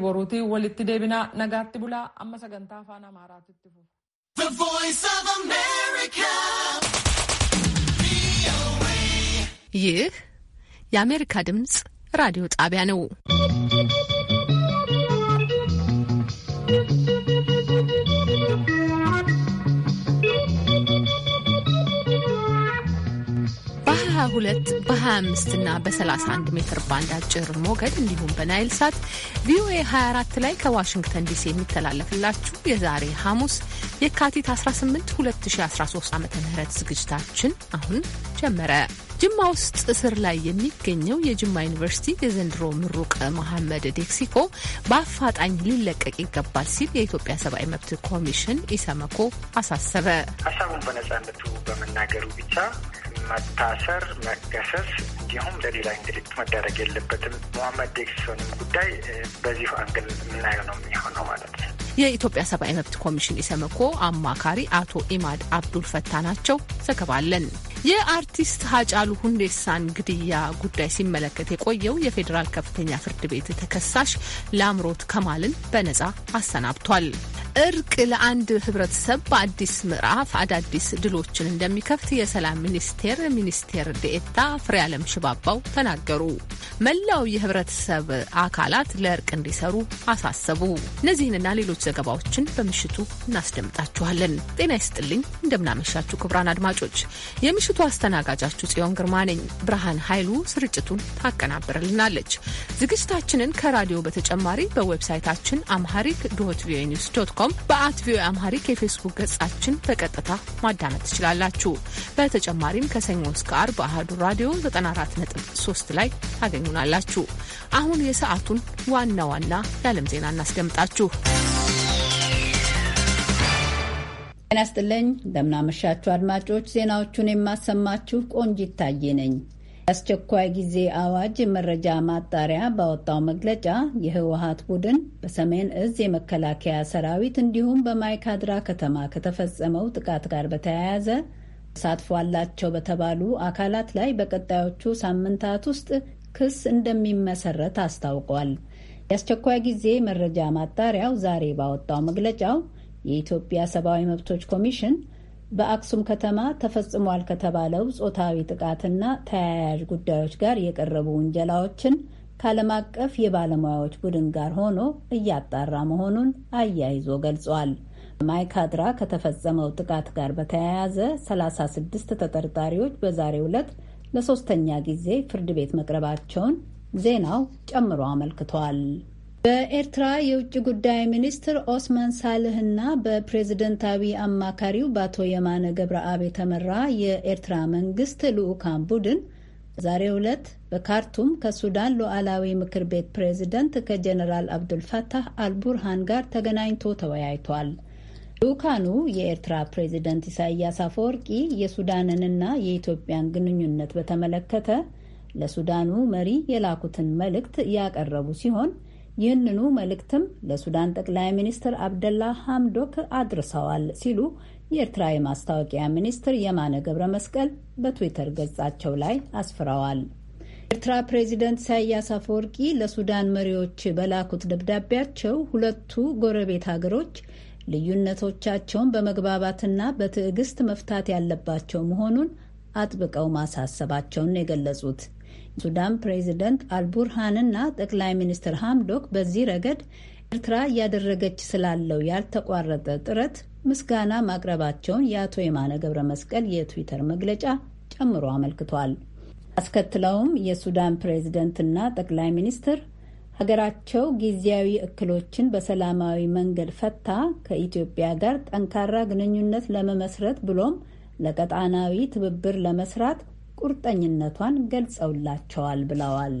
Boruutii walitti deebina nagaatti bulaa amma sagantaa afaan amaaraatti fufu. ይህ የአሜሪካ ድምፅ ራዲዮ ጣቢያ ነው። በ በ25 እና በ31 ሜትር ባንድ አጭር ሞገድ እንዲሁም በናይል ሳት ቪኦኤ 24 ላይ ከዋሽንግተን ዲሲ የሚተላለፍላችሁ የዛሬ ሐሙስ የካቲት 18 2013 ዓ ም ዝግጅታችን አሁን ጀመረ። ጅማ ውስጥ እስር ላይ የሚገኘው የጅማ ዩኒቨርሲቲ የዘንድሮ ምሩቅ መሐመድ ዴክሲኮ በአፋጣኝ ሊለቀቅ ይገባል ሲል የኢትዮጵያ ሰብአዊ መብት ኮሚሽን ኢሰመኮ አሳሰበ። ሀሳቡን በነጻነቱ በመናገሩ ብቻ መታሰር፣ መከሰስ እንዲሁም ለሌላ እንግልት መዳረግ የለበትም። መሐመድ ዴክሶንም ጉዳይ በዚሁ አንግል የምናየው ነው የሚሆነው ማለት ነው። የኢትዮጵያ ሰብአዊ መብት ኮሚሽን ኢሰመኮ አማካሪ አቶ ኢማድ አብዱል ፈታ ናቸው። ዘገባ አለን። የአርቲስት ሀጫሉ ሁንዴሳን ግድያ ጉዳይ ሲመለከት የቆየው የፌዴራል ከፍተኛ ፍርድ ቤት ተከሳሽ ላምሮት ከማልን በነጻ አሰናብቷል። እርቅ ለአንድ ህብረተሰብ በአዲስ ምዕራፍ አዳዲስ ድሎችን እንደሚከፍት የሰላም ሚኒስቴር ሚኒስቴር ዴኤታ ፍሬያለም ሽባባው ተናገሩ። መላው የህብረተሰብ አካላት ለእርቅ እንዲሰሩ አሳሰቡ። እነዚህንና ሌሎች ዘገባዎችን በምሽቱ እናስደምጣችኋለን። ጤና ይስጥልኝ፣ እንደምናመሻችሁ ክቡራን አድማጮች፣ የምሽቱ አስተናጋጃችሁ ጽዮን ግርማ ነኝ። ብርሃን ኃይሉ ስርጭቱን ታቀናብርልናለች። ዝግጅታችንን ከራዲዮ በተጨማሪ በዌብሳይታችን አምሃሪክ ዶት ቪኦኤ ኒውስ ዶት ኮም ኮም በአት ቪኦኤ አምሃሪክ የፌስቡክ ገጻችን በቀጥታ ማዳመጥ ትችላላችሁ። በተጨማሪም ከሰኞ እስከ አርብ ራዲዮ 94.3 ላይ ታገኙናላችሁ። አሁን የሰዓቱን ዋና ዋና የዓለም ዜና እናስደምጣችሁ። ጤና ይስጥልኝ። እንደምናመሻችሁ አድማጮች፣ ዜናዎቹን የማሰማችሁ ቆንጂት ታዬ ነኝ። የአስቸኳይ ጊዜ አዋጅ መረጃ ማጣሪያ ባወጣው መግለጫ የህወሀት ቡድን በሰሜን እዝ የመከላከያ ሰራዊት እንዲሁም በማይካድራ ከተማ ከተፈጸመው ጥቃት ጋር በተያያዘ ተሳትፏላቸው በተባሉ አካላት ላይ በቀጣዮቹ ሳምንታት ውስጥ ክስ እንደሚመሰረት አስታውቋል። የአስቸኳይ ጊዜ መረጃ ማጣሪያው ዛሬ ባወጣው መግለጫው የኢትዮጵያ ሰብአዊ መብቶች ኮሚሽን በአክሱም ከተማ ተፈጽሟል ከተባለው ጾታዊ ጥቃትና ተያያዥ ጉዳዮች ጋር የቀረቡ ውንጀላዎችን ከዓለም አቀፍ የባለሙያዎች ቡድን ጋር ሆኖ እያጣራ መሆኑን አያይዞ ገልጿል። ማይካድራ ከተፈጸመው ጥቃት ጋር በተያያዘ 36 ተጠርጣሪዎች በዛሬው ዕለት ለሶስተኛ ጊዜ ፍርድ ቤት መቅረባቸውን ዜናው ጨምሮ አመልክቷል። በኤርትራ የውጭ ጉዳይ ሚኒስትር ኦስማን ሳልህና በፕሬዝደንታዊ አማካሪው በአቶ የማነ ገብረአብ የተመራ የኤርትራ መንግስት ልዑካን ቡድን በዛሬው ዕለት በካርቱም ከሱዳን ሉዓላዊ ምክር ቤት ፕሬዝደንት ከጀነራል አብዱልፈታህ አልቡርሃን ጋር ተገናኝቶ ተወያይቷል። ልዑካኑ የኤርትራ ፕሬዝደንት ኢሳያስ አፈወርቂ የሱዳንንና የኢትዮጵያን ግንኙነት በተመለከተ ለሱዳኑ መሪ የላኩትን መልእክት ያቀረቡ ሲሆን ይህንኑ መልእክትም ለሱዳን ጠቅላይ ሚኒስትር አብደላ ሐምዶክ አድርሰዋል ሲሉ የኤርትራ የማስታወቂያ ሚኒስትር የማነ ገብረ መስቀል በትዊተር ገጻቸው ላይ አስፍረዋል። ኤርትራ ፕሬዚደንት ኢሳያስ አፈወርቂ ለሱዳን መሪዎች በላኩት ደብዳቤያቸው ሁለቱ ጎረቤት ሀገሮች ልዩነቶቻቸውን በመግባባትና በትዕግስት መፍታት ያለባቸው መሆኑን አጥብቀው ማሳሰባቸውን የገለጹት ሱዳን ፕሬዚደንት አልቡርሃንና ጠቅላይ ሚኒስትር ሐምዶክ በዚህ ረገድ ኤርትራ እያደረገች ስላለው ያልተቋረጠ ጥረት ምስጋና ማቅረባቸውን የአቶ የማነ ገብረ መስቀል የትዊተር መግለጫ ጨምሮ አመልክቷል። አስከትለውም የሱዳን ፕሬዝደንትና ጠቅላይ ሚኒስትር ሀገራቸው ጊዜያዊ እክሎችን በሰላማዊ መንገድ ፈታ ከኢትዮጵያ ጋር ጠንካራ ግንኙነት ለመመስረት ብሎም ለቀጣናዊ ትብብር ለመስራት ቁርጠኝነቷን ገልጸውላቸዋል ብለዋል።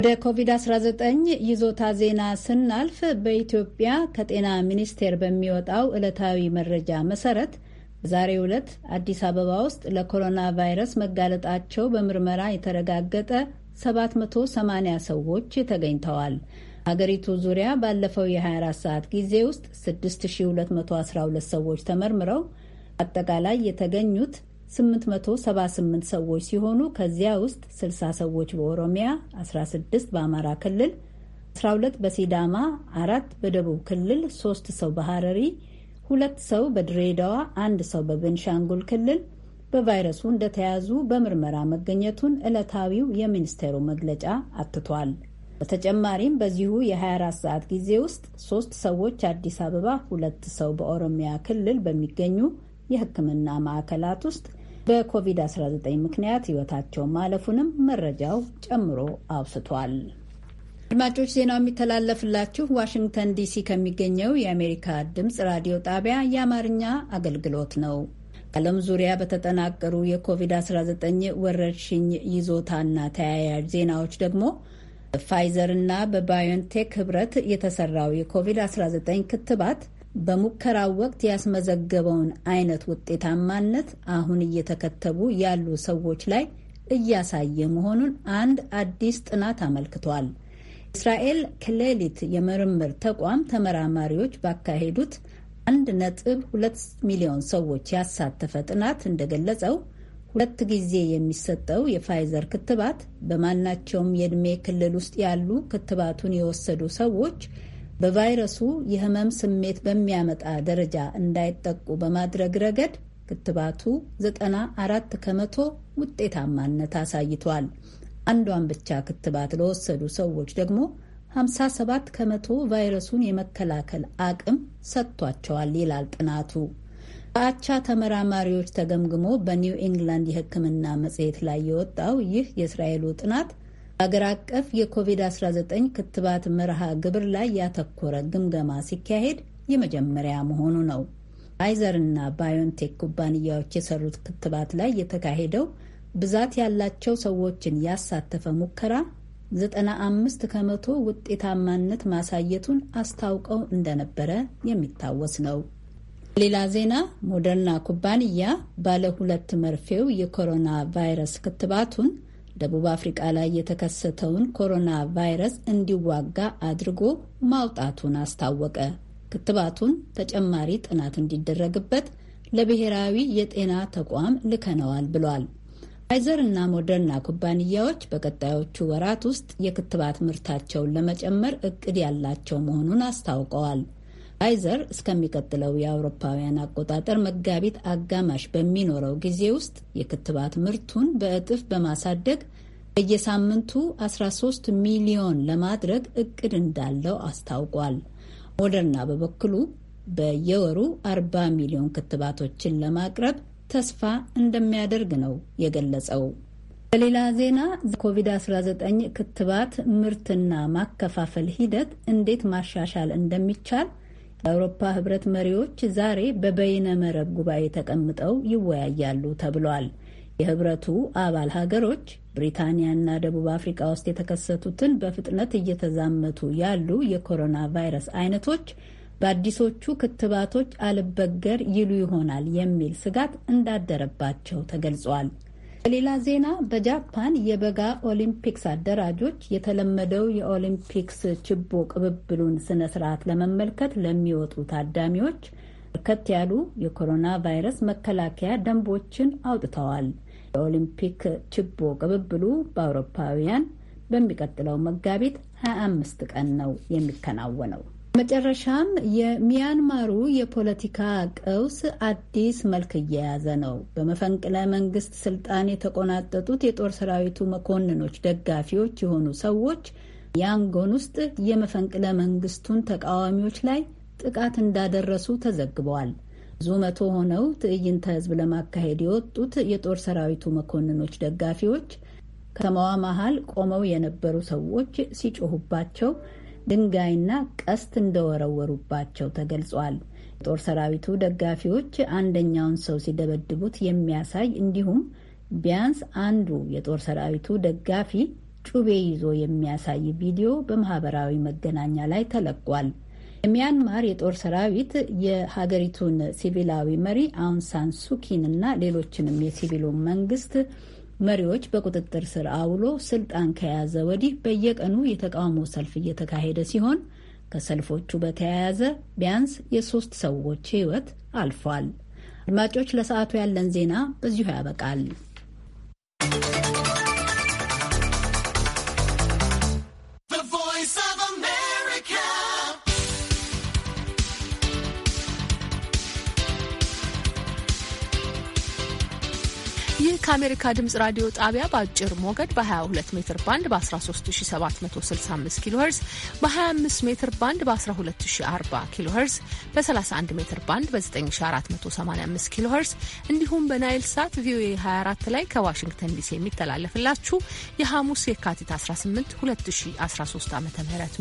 ወደ ኮቪድ-19 ይዞታ ዜና ስናልፍ በኢትዮጵያ ከጤና ሚኒስቴር በሚወጣው ዕለታዊ መረጃ መሰረት በዛሬው ዕለት አዲስ አበባ ውስጥ ለኮሮና ቫይረስ መጋለጣቸው በምርመራ የተረጋገጠ 780 ሰዎች ተገኝተዋል። ሀገሪቱ ዙሪያ ባለፈው የ24 ሰዓት ጊዜ ውስጥ 6212 ሰዎች ተመርምረው አጠቃላይ የተገኙት 878 ሰዎች ሲሆኑ ከዚያ ውስጥ 60 ሰዎች በኦሮሚያ፣ 16 በአማራ ክልል፣ 12 በሲዳማ፣ አራት በደቡብ ክልል፣ ሶስት ሰው በሐረሪ፣ ሁለት ሰው በድሬዳዋ፣ አንድ ሰው በቤንሻንጉል ክልል በቫይረሱ እንደተያዙ በምርመራ መገኘቱን ዕለታዊው የሚኒስቴሩ መግለጫ አትቷል። በተጨማሪም በዚሁ የ24 ሰዓት ጊዜ ውስጥ ሶስት ሰዎች አዲስ አበባ፣ ሁለት ሰው በኦሮሚያ ክልል በሚገኙ የሕክምና ማዕከላት ውስጥ በኮቪድ-19 ምክንያት ህይወታቸው ማለፉንም መረጃው ጨምሮ አውስቷል። አድማጮች ዜናው የሚተላለፍላችሁ ዋሽንግተን ዲሲ ከሚገኘው የአሜሪካ ድምፅ ራዲዮ ጣቢያ የአማርኛ አገልግሎት ነው። ዓለም ዙሪያ በተጠናቀሩ የኮቪድ-19 ወረርሽኝ ይዞታና ተያያዥ ዜናዎች ደግሞ በፋይዘር እና በባዮንቴክ ህብረት የተሰራው የኮቪድ-19 ክትባት በሙከራው ወቅት ያስመዘገበውን አይነት ውጤታማነት አሁን እየተከተቡ ያሉ ሰዎች ላይ እያሳየ መሆኑን አንድ አዲስ ጥናት አመልክቷል። እስራኤል ክሌሊት የምርምር ተቋም ተመራማሪዎች ባካሄዱት አንድ ነጥብ ሁለት ሚሊዮን ሰዎች ያሳተፈ ጥናት እንደገለጸው ሁለት ጊዜ የሚሰጠው የፋይዘር ክትባት በማናቸውም የዕድሜ ክልል ውስጥ ያሉ ክትባቱን የወሰዱ ሰዎች በቫይረሱ የህመም ስሜት በሚያመጣ ደረጃ እንዳይጠቁ በማድረግ ረገድ ክትባቱ 94 ከመቶ ውጤታማነት አሳይቷል። አንዷን ብቻ ክትባት ለወሰዱ ሰዎች ደግሞ 57 ከመቶ ቫይረሱን የመከላከል አቅም ሰጥቷቸዋል ይላል ጥናቱ። በአቻ ተመራማሪዎች ተገምግሞ በኒው ኢንግላንድ የሕክምና መጽሔት ላይ የወጣው ይህ የእስራኤሉ ጥናት አገር አቀፍ የኮቪድ-19 ክትባት መርሃ ግብር ላይ ያተኮረ ግምገማ ሲካሄድ የመጀመሪያ መሆኑ ነው። ፋይዘር እና ባዮንቴክ ኩባንያዎች የሰሩት ክትባት ላይ የተካሄደው ብዛት ያላቸው ሰዎችን ያሳተፈ ሙከራ 95 ከመቶ ውጤታማነት ማሳየቱን አስታውቀው እንደነበረ የሚታወስ ነው። ሌላ ዜና ሞደርና ኩባንያ ባለ ሁለት መርፌው የኮሮና ቫይረስ ክትባቱን ደቡብ አፍሪቃ ላይ የተከሰተውን ኮሮና ቫይረስ እንዲዋጋ አድርጎ ማውጣቱን አስታወቀ። ክትባቱን ተጨማሪ ጥናት እንዲደረግበት ለብሔራዊ የጤና ተቋም ልከነዋል ብሏል። ፋይዘር እና ሞደርና ኩባንያዎች በቀጣዮቹ ወራት ውስጥ የክትባት ምርታቸውን ለመጨመር እቅድ ያላቸው መሆኑን አስታውቀዋል። ፋይዘር እስከሚቀጥለው የአውሮፓውያን አቆጣጠር መጋቢት አጋማሽ በሚኖረው ጊዜ ውስጥ የክትባት ምርቱን በእጥፍ በማሳደግ በየሳምንቱ 13 ሚሊዮን ለማድረግ እቅድ እንዳለው አስታውቋል። ሞደርና በበኩሉ በየወሩ 40 ሚሊዮን ክትባቶችን ለማቅረብ ተስፋ እንደሚያደርግ ነው የገለጸው። በሌላ ዜና ኮቪድ-19 ክትባት ምርትና ማከፋፈል ሂደት እንዴት ማሻሻል እንደሚቻል የአውሮፓ ህብረት መሪዎች ዛሬ በበይነ መረብ ጉባኤ ተቀምጠው ይወያያሉ ተብሏል። የህብረቱ አባል ሀገሮች ብሪታንያና ደቡብ አፍሪካ ውስጥ የተከሰቱትን በፍጥነት እየተዛመቱ ያሉ የኮሮና ቫይረስ አይነቶች በአዲሶቹ ክትባቶች አልበገር ይሉ ይሆናል የሚል ስጋት እንዳደረባቸው ተገልጿል። በሌላ ዜና በጃፓን የበጋ ኦሊምፒክስ አደራጆች የተለመደው የኦሊምፒክስ ችቦ ቅብብሉን ስነ ስርዓት ለመመልከት ለሚወጡ ታዳሚዎች በርከት ያሉ የኮሮና ቫይረስ መከላከያ ደንቦችን አውጥተዋል። የኦሊምፒክ ችቦ ቅብብሉ በአውሮፓውያን በሚቀጥለው መጋቢት 25 ቀን ነው የሚከናወነው። መጨረሻም የሚያንማሩ የፖለቲካ ቀውስ አዲስ መልክ እየያዘ ነው። በመፈንቅለ መንግስት ስልጣን የተቆናጠጡት የጦር ሰራዊቱ መኮንኖች ደጋፊዎች የሆኑ ሰዎች ያንጎን ውስጥ የመፈንቅለ መንግስቱን ተቃዋሚዎች ላይ ጥቃት እንዳደረሱ ተዘግበዋል። ብዙ መቶ ሆነው ትዕይንተ ህዝብ ለማካሄድ የወጡት የጦር ሰራዊቱ መኮንኖች ደጋፊዎች ከተማዋ መሀል ቆመው የነበሩ ሰዎች ሲጮሁባቸው ድንጋይና ቀስት እንደወረወሩባቸው ተገልጿል። ጦር ሰራዊቱ ደጋፊዎች አንደኛውን ሰው ሲደበድቡት የሚያሳይ እንዲሁም ቢያንስ አንዱ የጦር ሰራዊቱ ደጋፊ ጩቤ ይዞ የሚያሳይ ቪዲዮ በማህበራዊ መገናኛ ላይ ተለቋል። የሚያንማር የጦር ሰራዊት የሀገሪቱን ሲቪላዊ መሪ አውንሳን ሱኪን እና ሌሎችንም የሲቪሉን መንግስት መሪዎች በቁጥጥር ስር አውሎ ስልጣን ከያዘ ወዲህ በየቀኑ የተቃውሞ ሰልፍ እየተካሄደ ሲሆን ከሰልፎቹ በተያያዘ ቢያንስ የሶስት ሰዎች ሕይወት አልፏል። አድማጮች፣ ለሰዓቱ ያለን ዜና በዚሁ ያበቃል። ከአሜሪካ ድምፅ ራዲዮ ጣቢያ በአጭር ሞገድ በ22 ሜትር ባንድ በ13765 ኪሎ ሄርዝ በ25 ሜትር ባንድ በ1240 ኪሎ ሄርዝ በ31 ሜትር ባንድ በ9485 ኪሎ ሄርዝ እንዲሁም በናይል ሳት ቪኦኤ 24 ላይ ከዋሽንግተን ዲሲ የሚተላለፍላችሁ የሐሙስ የካቲት 18 2013 ዓ ም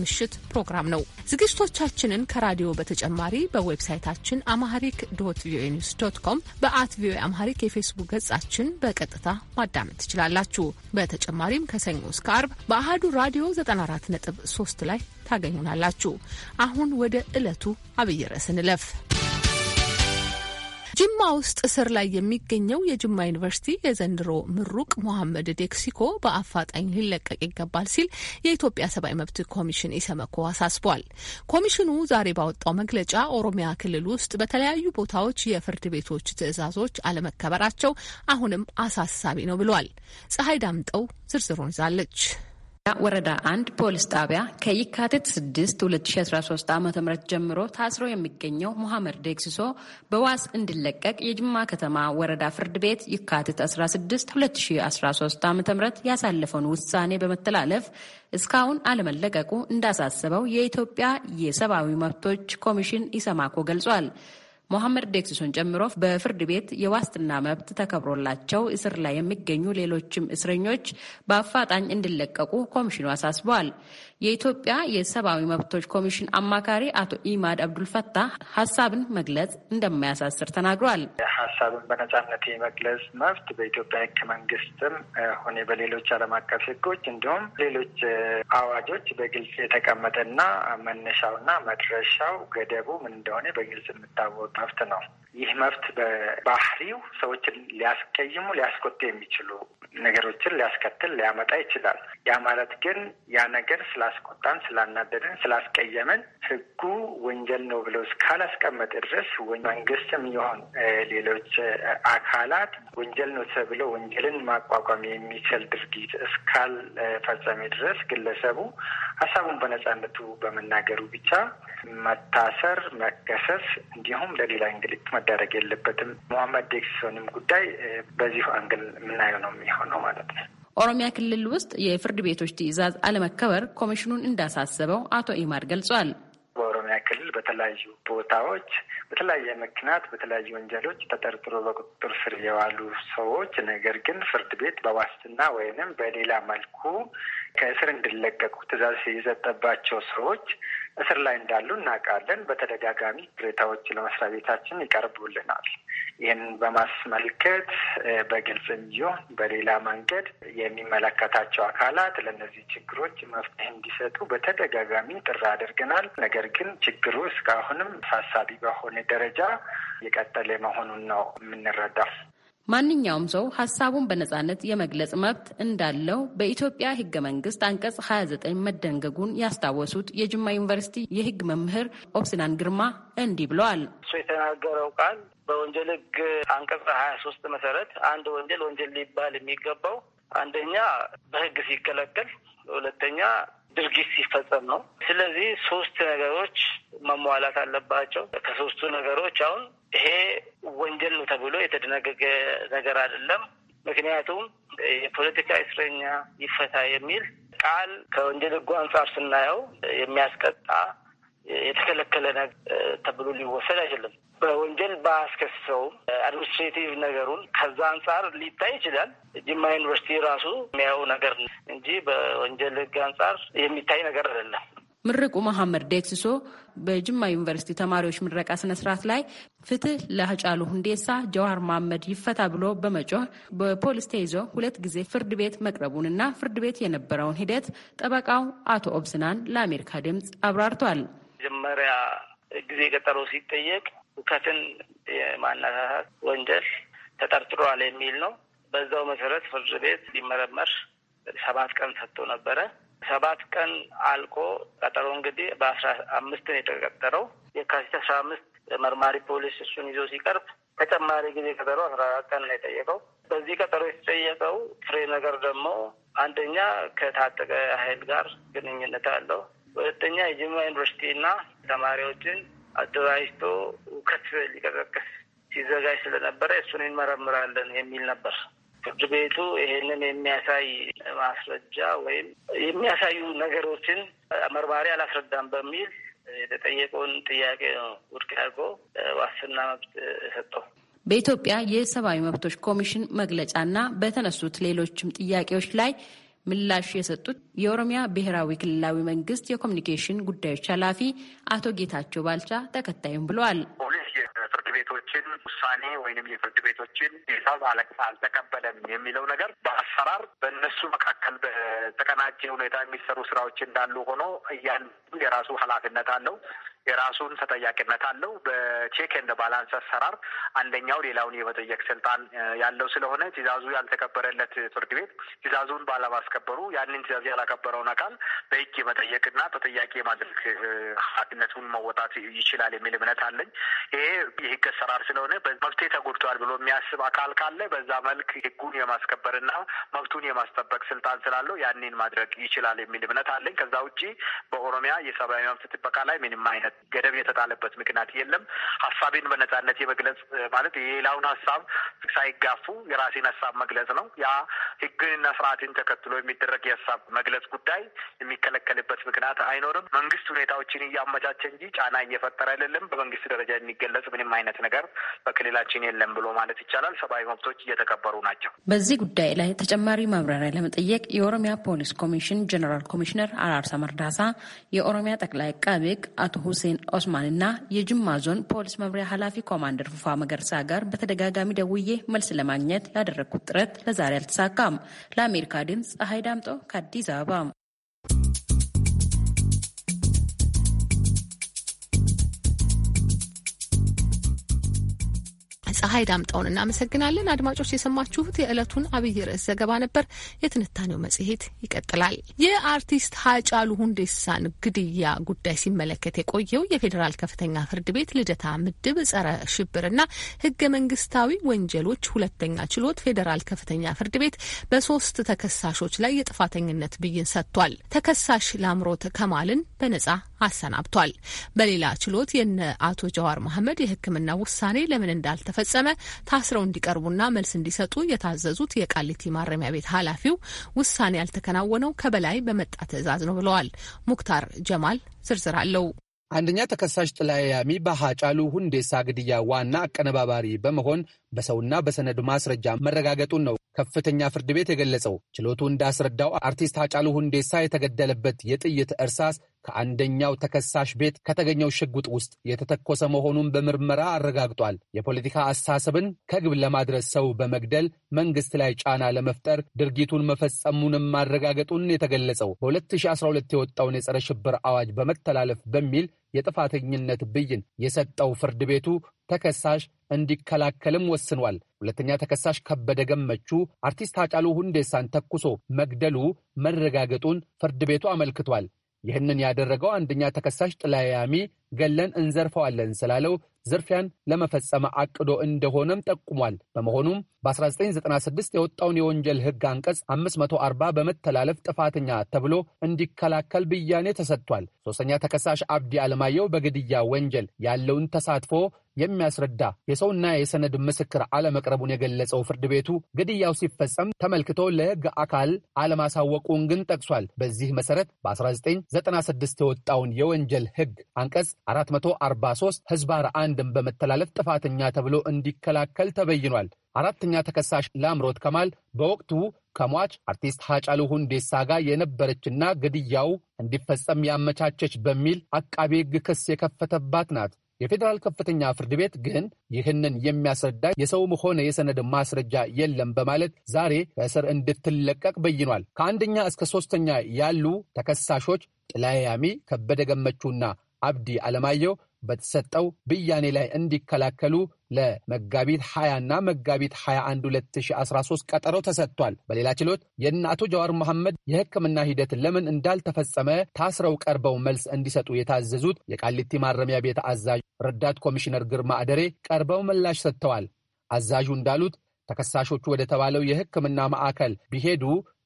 ምሽት ፕሮግራም ነው። ዝግጅቶቻችንን ከራዲዮ በተጨማሪ በዌብሳይታችን አማሪክ ዶት ቪኦኤ ኒውስ ዶት ኮም በአት ቪኦኤ አማሪክ የፌስቡክ ገጻችን በ በቀጥታ ማዳመጥ ትችላላችሁ። በተጨማሪም ከሰኞ እስከ አርብ በአህዱ ራዲዮ 94.3 ላይ ታገኙናላችሁ። አሁን ወደ ዕለቱ አብይ ርዕስ እንለፍ። ጅማ ውስጥ እስር ላይ የሚገኘው የጅማ ዩኒቨርሲቲ የዘንድሮ ምሩቅ ሞሐመድ ዴክሲኮ በአፋጣኝ ሊለቀቅ ይገባል ሲል የኢትዮጵያ ሰብአዊ መብት ኮሚሽን ኢሰመኮ አሳስቧል። ኮሚሽኑ ዛሬ ባወጣው መግለጫ ኦሮሚያ ክልል ውስጥ በተለያዩ ቦታዎች የፍርድ ቤቶች ትዕዛዞች አለመከበራቸው አሁንም አሳሳቢ ነው ብሏል። ፀሐይ ዳምጠው ዝርዝሩን ይዛለች። ወረዳ አንድ ፖሊስ ጣቢያ ከየካቲት 6 2013 ዓ ም ጀምሮ ታስሮ የሚገኘው ሙሐመድ ደግሲሶ በዋስ እንዲለቀቅ የጅማ ከተማ ወረዳ ፍርድ ቤት የካቲት 16 2013 ዓ ም ያሳለፈውን ውሳኔ በመተላለፍ እስካሁን አለመለቀቁ እንዳሳሰበው የኢትዮጵያ የሰብአዊ መብቶች ኮሚሽን ኢሰማኮ ገልጿል። ሞሐመድ ዴክሲሶን ጨምሮ በፍርድ ቤት የዋስትና መብት ተከብሮላቸው እስር ላይ የሚገኙ ሌሎችም እስረኞች በአፋጣኝ እንዲለቀቁ ኮሚሽኑ አሳስበዋል። የኢትዮጵያ የሰብአዊ መብቶች ኮሚሽን አማካሪ አቶ ኢማድ አብዱልፈታ ሀሳብን መግለጽ እንደማያሳስር ተናግሯል። ሀሳብን በነጻነት የመግለጽ መብት በኢትዮጵያ ሕገ መንግስትም ሆነ በሌሎች ዓለም አቀፍ ህጎች እንዲሁም ሌሎች አዋጆች በግልጽ የተቀመጠና መነሻውና መድረሻው ገደቡ ምን እንደሆነ በግልጽ የሚታወቅ መብት ነው። ይህ መብት በባህሪው ሰዎችን ሊያስቀይሙ፣ ሊያስቆጡ የሚችሉ ነገሮችን ሊያስከትል ሊያመጣ ይችላል። ያ ማለት ግን ያ ነገር ስላስቆጣን፣ ስላናደድን፣ ስላስቀየምን ህጉ ወንጀል ነው ብለው እስካላስቀመጠ ድረስ መንግስትም ይሆን ሌሎች አካላት ወንጀል ነው ተብለው ወንጀልን ማቋቋም የሚችል ድርጊት እስካልፈጸሜ ድረስ ግለሰቡ ሀሳቡን በነጻነቱ በመናገሩ ብቻ መታሰር፣ መከሰስ እንዲሁም ለሌላ እንግልት መደረግ የለበትም። ሞሐመድ ዴክሲሶንም ጉዳይ በዚሁ አንግል የምናየው ነው የሚሆነው ማለት ነው። ኦሮሚያ ክልል ውስጥ የፍርድ ቤቶች ትዕዛዝ አለመከበር ኮሚሽኑን እንዳሳሰበው አቶ ኢማድ ገልጿል። በኦሮሚያ ክልል በተለያዩ ቦታዎች በተለያየ ምክንያት በተለያዩ ወንጀሎች ተጠርጥሮ በቁጥጥር ስር የዋሉ ሰዎች ነገር ግን ፍርድ ቤት በዋስትና ወይንም በሌላ መልኩ ከእስር እንዲለቀቁ ትዕዛዝ የሰጠባቸው ሰዎች እስር ላይ እንዳሉ እናውቃለን። በተደጋጋሚ ቅሬታዎች ለመስሪያ ቤታችን ይቀርቡልናል። ይህን በማስመልከት በግልጽም ይሁን በሌላ መንገድ የሚመለከታቸው አካላት ለእነዚህ ችግሮች መፍትሄ እንዲሰጡ በተደጋጋሚ ጥሪ አድርገናል። ነገር ግን ችግሩ እስካሁንም ሳሳቢ በሆነ ደረጃ የቀጠለ መሆኑን ነው የምንረዳው። ማንኛውም ሰው ሀሳቡን በነጻነት የመግለጽ መብት እንዳለው በኢትዮጵያ ህገ መንግስት አንቀጽ 29 መደንገጉን ያስታወሱት የጅማ ዩኒቨርሲቲ የህግ መምህር ኦብስናን ግርማ እንዲህ ብለዋል። እሱ የተናገረው ቃል በወንጀል ህግ አንቀጽ 23 መሰረት አንድ ወንጀል ወንጀል ሊባል የሚገባው አንደኛ በህግ ሲከለከል፣ ሁለተኛ ድርጊት ሲፈጸም ነው። ስለዚህ ሶስት ነገሮች መሟላት አለባቸው። ከሶስቱ ነገሮች አሁን ይሄ ወንጀል ነው ተብሎ የተደነገገ ነገር አይደለም። ምክንያቱም የፖለቲካ እስረኛ ይፈታ የሚል ቃል ከወንጀል ሕጉ አንጻር ስናየው የሚያስቀጣ የተከለከለ ተብሎ ሊወሰድ አይችልም። በወንጀል ባያስከስሰውም አድሚኒስትሬቲቭ ነገሩን ከዛ አንጻር ሊታይ ይችላል። ጅማ ዩኒቨርሲቲ ራሱ የሚያየው ነገር እንጂ በወንጀል ህግ አንጻር የሚታይ ነገር አይደለም። ምርቁ መሐመድ ደክስሶ በጅማ ዩኒቨርሲቲ ተማሪዎች ምረቃ ስነስርዓት ላይ ፍትህ ለሀጫሉ ሁንዴሳ ጀዋር መሐመድ ይፈታ ብሎ በመጮህ በፖሊስ ተይዞ ሁለት ጊዜ ፍርድ ቤት መቅረቡንና ፍርድ ቤት የነበረውን ሂደት ጠበቃው አቶ ኦብስናን ለአሜሪካ ድምፅ አብራርቷል። መጀመሪያ ጊዜ ቀጠሮ ሲጠየቅ ሁከትን የማነሳሳት ወንጀል ተጠርጥሯል የሚል ነው። በዛው መሰረት ፍርድ ቤት ሊመረመር ሰባት ቀን ሰጥቶ ነበረ። ሰባት ቀን አልቆ ቀጠሮ እንግዲህ በአስራ አምስት ነው የተቀጠረው። የካቲት አስራ አምስት መርማሪ ፖሊስ እሱን ይዞ ሲቀርብ ተጨማሪ ጊዜ ቀጠሮ አስራ አራት ቀን ነው የጠየቀው። በዚህ ቀጠሮ የተጠየቀው ፍሬ ነገር ደግሞ አንደኛ ከታጠቀ ኃይል ጋር ግንኙነት አለው፣ ሁለተኛ የጅማ ዩኒቨርሲቲና ተማሪዎችን አደራጅቶ ሁከት ሊቀሰቅስ ሲዘጋጅ ስለነበረ እሱን እንመረምራለን የሚል ነበር። ፍርድ ቤቱ ይሄንን የሚያሳይ ማስረጃ ወይም የሚያሳዩ ነገሮችን መርማሪ አላስረዳም በሚል የተጠየቀውን ጥያቄ ነው ውድቅ አድርጎ ዋስትና መብት ሰጠው። በኢትዮጵያ የሰብአዊ መብቶች ኮሚሽን መግለጫና በተነሱት ሌሎችም ጥያቄዎች ላይ ምላሽ የሰጡት የኦሮሚያ ብሔራዊ ክልላዊ መንግስት የኮሚኒኬሽን ጉዳዮች ኃላፊ አቶ ጌታቸው ባልቻ ተከታዩም ብለዋል። ቤቶችን ውሳኔ ወይንም የፍርድ ቤቶችን ሂሳብ አልተቀበለም የሚለው ነገር በአሰራር በእነሱ መካከል በተቀናጀ ሁኔታ የሚሰሩ ስራዎች እንዳሉ ሆኖ እያንዳንዱ የራሱ ኃላፊነት አለው። የራሱን ተጠያቂነት አለው። በቼክ ኤንድ ባላንስ አሰራር አንደኛው ሌላውን የመጠየቅ ስልጣን ያለው ስለሆነ ትዕዛዙ ያልተከበረለት ፍርድ ቤት ትዕዛዙን ባለማስከበሩ ያንን ትዕዛዝ ያላከበረውን አካል በሕግ የመጠየቅና ተጠያቂ የማድረግ ኃላፊነቱን መወጣት ይችላል የሚል እምነት አለኝ። ይሄ የሕግ አሰራር ስለሆነ መብቴ ተጎድቷል ብሎ የሚያስብ አካል ካለ በዛ መልክ ሕጉን የማስከበርና መብቱን የማስጠበቅ ስልጣን ስላለው ያንን ማድረግ ይችላል የሚል እምነት አለኝ። ከዛ ውጭ በኦሮሚያ የሰብአዊ መብት ጥበቃ ላይ ምንም አይነት ገደብ የተጣለበት ምክንያት የለም። ሀሳቤን በነጻነት የመግለጽ ማለት የሌላውን ሀሳብ ሳይጋፉ የራሴን ሀሳብ መግለጽ ነው። ያ ህግንና ስርዓትን ተከትሎ የሚደረግ የሀሳብ መግለጽ ጉዳይ የሚከለከልበት ምክንያት አይኖርም። መንግስት ሁኔታዎችን እያመቻቸ እንጂ ጫና እየፈጠረ አይደለም። በመንግስት ደረጃ የሚገለጽ ምንም አይነት ነገር በክልላችን የለም ብሎ ማለት ይቻላል። ሰብአዊ መብቶች እየተከበሩ ናቸው። በዚህ ጉዳይ ላይ ተጨማሪ ማብራሪያ ለመጠየቅ የኦሮሚያ ፖሊስ ኮሚሽን ጀኔራል ኮሚሽነር አራርሳ መርዳሳ፣ የኦሮሚያ ጠቅላይ አቃቤ ህግ አቶ ሁሴ ሁሴን እና የጅማ ዞን ፖሊስ መምሪያ ኃላፊ ኮማንደር ፉፋ መገርሳ ጋር በተደጋጋሚ ደውዬ መልስ ለማግኘት ያደረግኩት ጥረት ለዛሬ አልተሳካም። ለአሜሪካ ድምፅ ፀሐይ ዳምጦ ከአዲስ አበባ ፀሐይ ዳምጠውን እናመሰግናለን። አድማጮች የሰማችሁት የዕለቱን አብይ ርዕስ ዘገባ ነበር። የትንታኔው መጽሔት ይቀጥላል። የአርቲስት ሀጫሉ ሁንዴሳን ግድያ ጉዳይ ሲመለከት የቆየው የፌዴራል ከፍተኛ ፍርድ ቤት ልደታ ምድብ ጸረ ሽብርና ህገ መንግስታዊ ወንጀሎች ሁለተኛ ችሎት ፌዴራል ከፍተኛ ፍርድ ቤት በሶስት ተከሳሾች ላይ የጥፋተኝነት ብይን ሰጥቷል። ተከሳሽ ላምሮት ከማልን በነጻ አሰናብቷል። በሌላ ችሎት የነ አቶ ጀዋር መሐመድ የህክምና ውሳኔ ለምን እንዳልተፈጸ ከተፈጸመ ታስረው እንዲቀርቡና መልስ እንዲሰጡ የታዘዙት የቃሊቲ ማረሚያ ቤት ኃላፊው ውሳኔ ያልተከናወነው ከበላይ በመጣ ትዕዛዝ ነው ብለዋል። ሙክታር ጀማል ዝርዝር አለው። አንደኛ ተከሳሽ ጥላያሚ በሀጫሉ ሁንዴሳ ግድያ ዋና አቀነባባሪ በመሆን በሰውና በሰነድ ማስረጃ መረጋገጡን ነው ከፍተኛ ፍርድ ቤት የገለጸው። ችሎቱ እንዳስረዳው አርቲስት አጫሉ ሁንዴሳ የተገደለበት የጥይት እርሳስ ከአንደኛው ተከሳሽ ቤት ከተገኘው ሽጉጥ ውስጥ የተተኮሰ መሆኑን በምርመራ አረጋግጧል። የፖለቲካ አስተሳሰብን ከግብ ለማድረስ ሰው በመግደል መንግስት ላይ ጫና ለመፍጠር ድርጊቱን መፈጸሙንም ማረጋገጡን የተገለጸው በ2012 የወጣውን የጸረ ሽብር አዋጅ በመተላለፍ በሚል የጥፋተኝነት ብይን የሰጠው ፍርድ ቤቱ ተከሳሽ እንዲከላከልም ወስኗል። ሁለተኛ ተከሳሽ ከበደ ገመቹ አርቲስት አጫሉ ሁንዴሳን ተኩሶ መግደሉ መረጋገጡን ፍርድ ቤቱ አመልክቷል። ይህንን ያደረገው አንደኛ ተከሳሽ ጥላያሚ ገለን እንዘርፈዋለን ስላለው ዝርፊያን ለመፈጸም አቅዶ እንደሆነም ጠቁሟል። በመሆኑም በ1996 የወጣውን የወንጀል ሕግ አንቀጽ 540 በመተላለፍ ጥፋተኛ ተብሎ እንዲከላከል ብያኔ ተሰጥቷል። ሦስተኛ ተከሳሽ አብዲ አለማየሁ በግድያ ወንጀል ያለውን ተሳትፎ የሚያስረዳ የሰውና የሰነድ ምስክር አለመቅረቡን የገለጸው ፍርድ ቤቱ ግድያው ሲፈጸም ተመልክቶ ለሕግ አካል አለማሳወቁን ግን ጠቅሷል። በዚህ መሠረት በ1996 የወጣውን የወንጀል ሕግ አንቀጽ 443 ሕዝባር 1 በደም በመተላለፍ ጥፋተኛ ተብሎ እንዲከላከል ተበይኗል። አራተኛ ተከሳሽ ላምሮት ከማል በወቅቱ ከሟች አርቲስት ሀጫሉ ሁንዴሳ ጋር የነበረችና ግድያው እንዲፈጸም ያመቻቸች በሚል አቃቤ ሕግ ክስ የከፈተባት ናት። የፌዴራል ከፍተኛ ፍርድ ቤት ግን ይህንን የሚያስረዳ የሰውም ሆነ የሰነድ ማስረጃ የለም በማለት ዛሬ ከእስር እንድትለቀቅ በይኗል። ከአንደኛ እስከ ሦስተኛ ያሉ ተከሳሾች ጥላያሚ ከበደ ገመቹና አብዲ አለማየሁ በተሰጠው ብያኔ ላይ እንዲከላከሉ ለመጋቢት 20ና መጋቢት 21 2013 ቀጠሮ ተሰጥቷል። በሌላ ችሎት የእነ አቶ ጀዋር መሐመድ የሕክምና ሂደት ለምን እንዳልተፈጸመ ታስረው ቀርበው መልስ እንዲሰጡ የታዘዙት የቃሊቲ ማረሚያ ቤት አዛዥ ረዳት ኮሚሽነር ግርማ አደሬ ቀርበው ምላሽ ሰጥተዋል። አዛዡ እንዳሉት ተከሳሾቹ ወደ ተባለው የሕክምና ማዕከል ቢሄዱ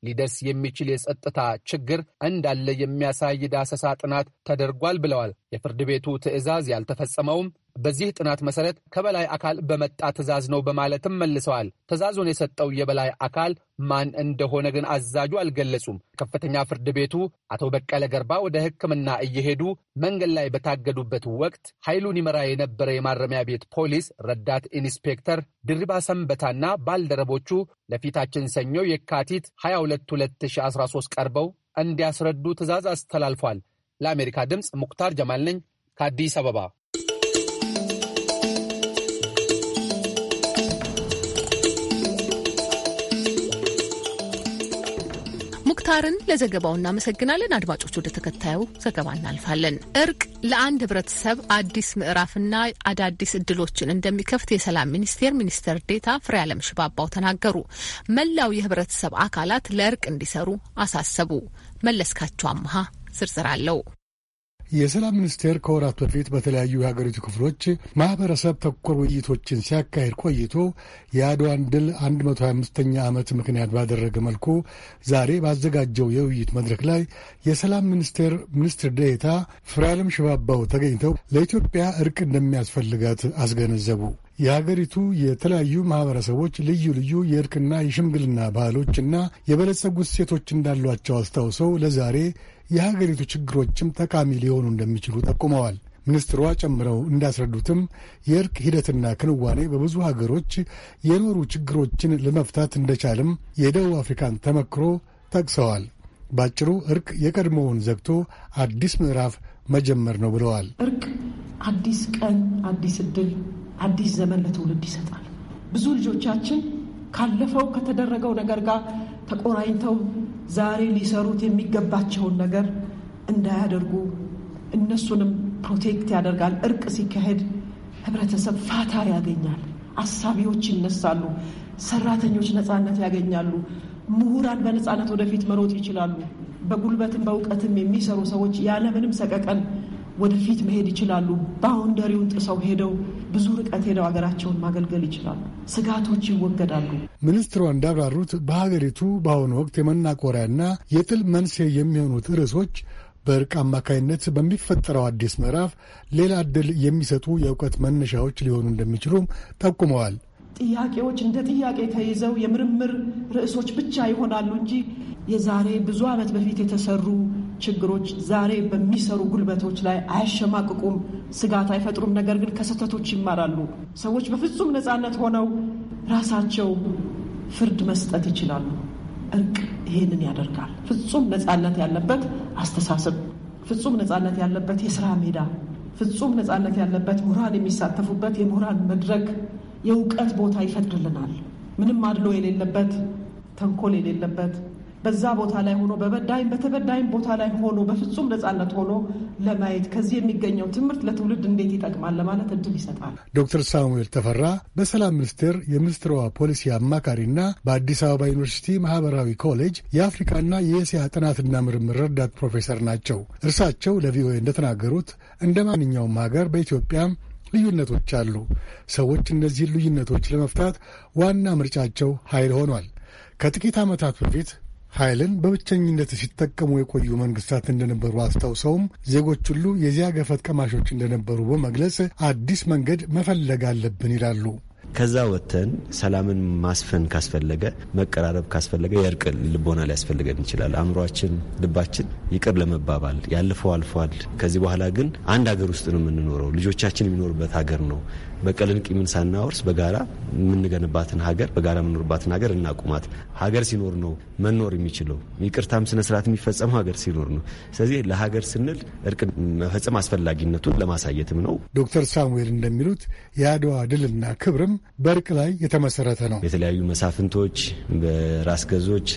ሊደርስ የሚችል የጸጥታ ችግር እንዳለ የሚያሳይ ዳሰሳ ጥናት ተደርጓል ብለዋል። የፍርድ ቤቱ ትዕዛዝ ያልተፈጸመውም በዚህ ጥናት መሰረት ከበላይ አካል በመጣ ትዕዛዝ ነው በማለትም መልሰዋል። ትዕዛዙን የሰጠው የበላይ አካል ማን እንደሆነ ግን አዛዡ አልገለጹም። ከፍተኛ ፍርድ ቤቱ አቶ በቀለ ገርባ ወደ ሕክምና እየሄዱ መንገድ ላይ በታገዱበት ወቅት ኃይሉን ይመራ የነበረ የማረሚያ ቤት ፖሊስ ረዳት ኢንስፔክተር ድሪባ ሰንበታና ባልደረቦቹ ለፊታችን ሰኞ የካቲት 22 2013 ቀርበው እንዲያስረዱ ትዕዛዝ አስተላልፏል። ለአሜሪካ ድምፅ ሙክታር ጀማል ነኝ ከአዲስ አበባ። ሙክታርን ለዘገባው እናመሰግናለን። አድማጮች ወደ ተከታዩ ዘገባ እናልፋለን። እርቅ ለአንድ ህብረተሰብ አዲስ ምዕራፍና አዳዲስ እድሎችን እንደሚከፍት የሰላም ሚኒስቴር ሚኒስትር ዴታ አለም ሽባባው ተናገሩ። መላው የህብረተሰብ አካላት ለእርቅ እንዲሰሩ አሳሰቡ። መለስካቸው አምሃ ዝርዝር አለው። የሰላም ሚኒስቴር ከወራት በፊት በተለያዩ የሀገሪቱ ክፍሎች ማኅበረሰብ ተኮር ውይይቶችን ሲያካሂድ ቆይቶ የአድዋን ድል 125ኛ ዓመት ምክንያት ባደረገ መልኩ ዛሬ ባዘጋጀው የውይይት መድረክ ላይ የሰላም ሚኒስቴር ሚኒስትር ዴኤታ ፍራልም ሽባባው ተገኝተው ለኢትዮጵያ እርቅ እንደሚያስፈልጋት አስገነዘቡ። የሀገሪቱ የተለያዩ ማህበረሰቦች ልዩ ልዩ የእርቅና የሽምግልና ባህሎችና የበለጸጉት ሴቶች እንዳሏቸው አስታውሰው ለዛሬ የሀገሪቱ ችግሮችም ጠቃሚ ሊሆኑ እንደሚችሉ ጠቁመዋል። ሚኒስትሯ ጨምረው እንዳስረዱትም የእርቅ ሂደትና ክንዋኔ በብዙ ሀገሮች የኖሩ ችግሮችን ለመፍታት እንደቻለም የደቡብ አፍሪካን ተመክሮ ጠቅሰዋል። ባጭሩ እርቅ የቀድሞውን ዘግቶ አዲስ ምዕራፍ መጀመር ነው ብለዋል። እርቅ አዲስ ቀን፣ አዲስ እድል፣ አዲስ ዘመን ለትውልድ ይሰጣል። ብዙ ልጆቻችን ካለፈው ከተደረገው ነገር ጋር ተቆራኝተው ዛሬ ሊሰሩት የሚገባቸውን ነገር እንዳያደርጉ እነሱንም ፕሮቴክት ያደርጋል። እርቅ ሲካሄድ ህብረተሰብ ፋታ ያገኛል። አሳቢዎች ይነሳሉ። ሰራተኞች ነፃነት ያገኛሉ። ምሁራን በነፃነት ወደፊት መሮጥ ይችላሉ። በጉልበትም በእውቀትም የሚሰሩ ሰዎች ያለምንም ሰቀቀን ወደፊት መሄድ ይችላሉ። ባውንደሪውን ጥሰው ሄደው ብዙ ርቀት ሄደው ሀገራቸውን ማገልገል ይችላሉ። ስጋቶች ይወገዳሉ። ሚኒስትሯ እንዳብራሩት በሀገሪቱ በአሁኑ ወቅት የመናቆሪያና የጥል መንስኤ የሚሆኑት ርዕሶች በእርቅ አማካይነት በሚፈጠረው አዲስ ምዕራፍ ሌላ ድል የሚሰጡ የእውቀት መነሻዎች ሊሆኑ እንደሚችሉም ጠቁመዋል። ጥያቄዎች እንደ ጥያቄ ተይዘው የምርምር ርዕሶች ብቻ ይሆናሉ እንጂ የዛሬ ብዙ ዓመት በፊት የተሰሩ ችግሮች ዛሬ በሚሰሩ ጉልበቶች ላይ አያሸማቅቁም፣ ስጋት አይፈጥሩም። ነገር ግን ከስህተቶች ይማራሉ። ሰዎች በፍጹም ነፃነት ሆነው ራሳቸው ፍርድ መስጠት ይችላሉ። እርቅ ይህንን ያደርጋል። ፍጹም ነፃነት ያለበት አስተሳሰብ፣ ፍጹም ነፃነት ያለበት የስራ ሜዳ፣ ፍጹም ነፃነት ያለበት ምሁራን የሚሳተፉበት የምሁራን መድረክ፣ የእውቀት ቦታ ይፈጥርልናል። ምንም አድሎ የሌለበት ተንኮል የሌለበት በዛ ቦታ ላይ ሆኖ በበዳይም በተበዳይም ቦታ ላይ ሆኖ በፍጹም ነጻነት ሆኖ ለማየት ከዚህ የሚገኘው ትምህርት ለትውልድ እንዴት ይጠቅማል ለማለት እድል ይሰጣል። ዶክተር ሳሙኤል ተፈራ በሰላም ሚኒስቴር የሚኒስትሯ ፖሊሲ አማካሪና በአዲስ አበባ ዩኒቨርሲቲ ማህበራዊ ኮሌጅ የአፍሪካና የእስያ ጥናትና ምርምር ረዳት ፕሮፌሰር ናቸው። እርሳቸው ለቪኦኤ እንደተናገሩት እንደ ማንኛውም ሀገር በኢትዮጵያም ልዩነቶች አሉ። ሰዎች እነዚህን ልዩነቶች ለመፍታት ዋና ምርጫቸው ኃይል ሆኗል። ከጥቂት ዓመታት በፊት ኃይልን በብቸኝነት ሲጠቀሙ የቆዩ መንግስታት እንደነበሩ አስታውሰውም ዜጎች ሁሉ የዚያ ገፈት ቀማሾች እንደነበሩ በመግለጽ አዲስ መንገድ መፈለግ አለብን ይላሉ። ከዛ ወጥተን ሰላምን ማስፈን ካስፈለገ መቀራረብ ካስፈለገ የእርቅ ልቦና ሊያስፈልገን ይችላል። አእምሯችን፣ ልባችን ይቅር ለመባባል ያለፈው አልፏል። ከዚህ በኋላ ግን አንድ ሀገር ውስጥ ነው የምንኖረው። ልጆቻችን የሚኖሩበት ሀገር ነው። በቀልን ቂምን ሳናወርስ በጋራ የምንገንባትን ሀገር በጋራ የምኖርባትን ሀገር እናቁማት። ሀገር ሲኖር ነው መኖር የሚችለው። ይቅርታም ስነስርዓት የሚፈጸመው ሀገር ሲኖር ነው። ስለዚህ ለሀገር ስንል እርቅ መፈጸም አስፈላጊነቱን ለማሳየትም ነው። ዶክተር ሳሙኤል እንደሚሉት የአድዋ ድልና ክብርም በእርቅ ላይ የተመሰረተ ነው። የተለያዩ መሳፍንቶች በራስ ገዞች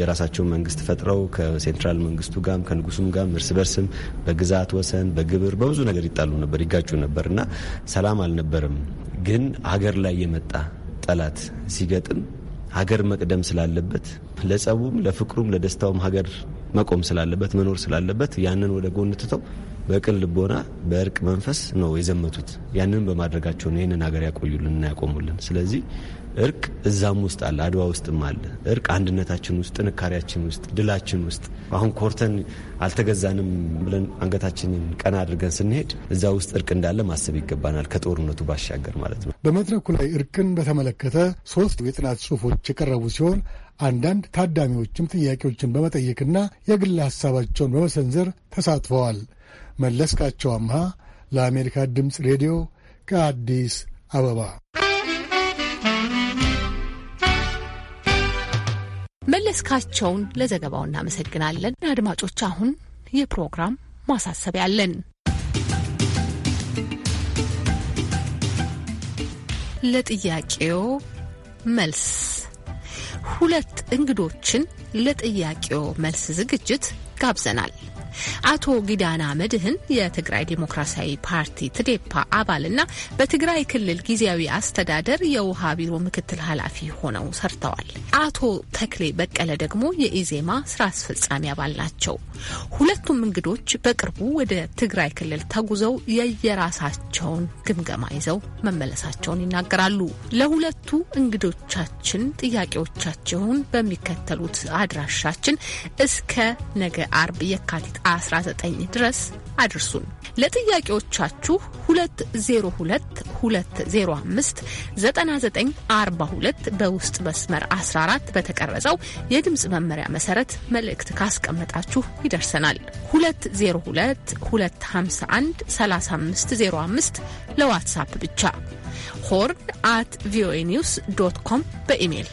የራሳቸውን መንግስት ፈጥረው ከሴንትራል መንግስቱ ጋም ከንጉሱም ጋም እርስ በርስም በግዛት ወሰን፣ በግብር በብዙ ነገር ይጣሉ ነበር፣ ይጋጩ ነበር እና ሰላም አልነበረም። ግን ሀገር ላይ የመጣ ጠላት ሲገጥም ሀገር መቅደም ስላለበት ለጸቡም፣ ለፍቅሩም፣ ለደስታውም ሀገር መቆም ስላለበት መኖር ስላለበት ያንን ወደ ጎን ትተው በቅን ልቦና በእርቅ መንፈስ ነው የዘመቱት። ያንን በማድረጋቸው ነው ይህንን ሀገር ያቆዩልን እና ያቆሙልን። ስለዚህ እርቅ እዛም ውስጥ አለ፣ አድዋ ውስጥም አለ። እርቅ አንድነታችን ውስጥ፣ ጥንካሬያችን ውስጥ፣ ድላችን ውስጥ አሁን ኮርተን አልተገዛንም ብለን አንገታችንን ቀና አድርገን ስንሄድ እዛ ውስጥ እርቅ እንዳለ ማሰብ ይገባናል። ከጦርነቱ ባሻገር ማለት ነው። በመድረኩ ላይ እርቅን በተመለከተ ሶስት የጥናት ጽሁፎች የቀረቡ ሲሆን አንዳንድ ታዳሚዎችም ጥያቄዎችን በመጠየቅና የግል ሀሳባቸውን በመሰንዘር ተሳትፈዋል። መለስካቸው አምሃ ለአሜሪካ ድምፅ ሬዲዮ ከአዲስ አበባ መለስካቸውን ለዘገባው እናመሰግናለን። አድማጮች፣ አሁን የፕሮግራም ማሳሰቢያ አለን። ለጥያቄው መልስ ሁለት እንግዶችን ለጥያቄው መልስ ዝግጅት ጋብዘናል። አቶ ጊዳና መድህን የትግራይ ዴሞክራሲያዊ ፓርቲ ትዴፓ አባልና በትግራይ ክልል ጊዜያዊ አስተዳደር የውሃ ቢሮ ምክትል ኃላፊ ሆነው ሰርተዋል። አቶ ተክሌ በቀለ ደግሞ የኢዜማ ስራ አስፈጻሚ አባል ናቸው። ሁለቱም እንግዶች በቅርቡ ወደ ትግራይ ክልል ተጉዘው የየራሳቸውን ግምገማ ይዘው መመለሳቸውን ይናገራሉ። ለሁለቱ እንግዶቻችን ጥያቄዎቻቸውን በሚከተሉት አድራሻችን እስከ ነገ አርብ የካቲት 19 ድረስ አድርሱን። ለጥያቄዎቻችሁ 2022059942 በውስጥ መስመር 14 በተቀረጸው የድምፅ መመሪያ መሰረት መልእክት ካስቀመጣችሁ ይደርሰናል። 2022513505 ለዋትሳፕ ብቻ ሆርን አት ቪኦኤ ኒውስ ዶት ኮም በኢሜይል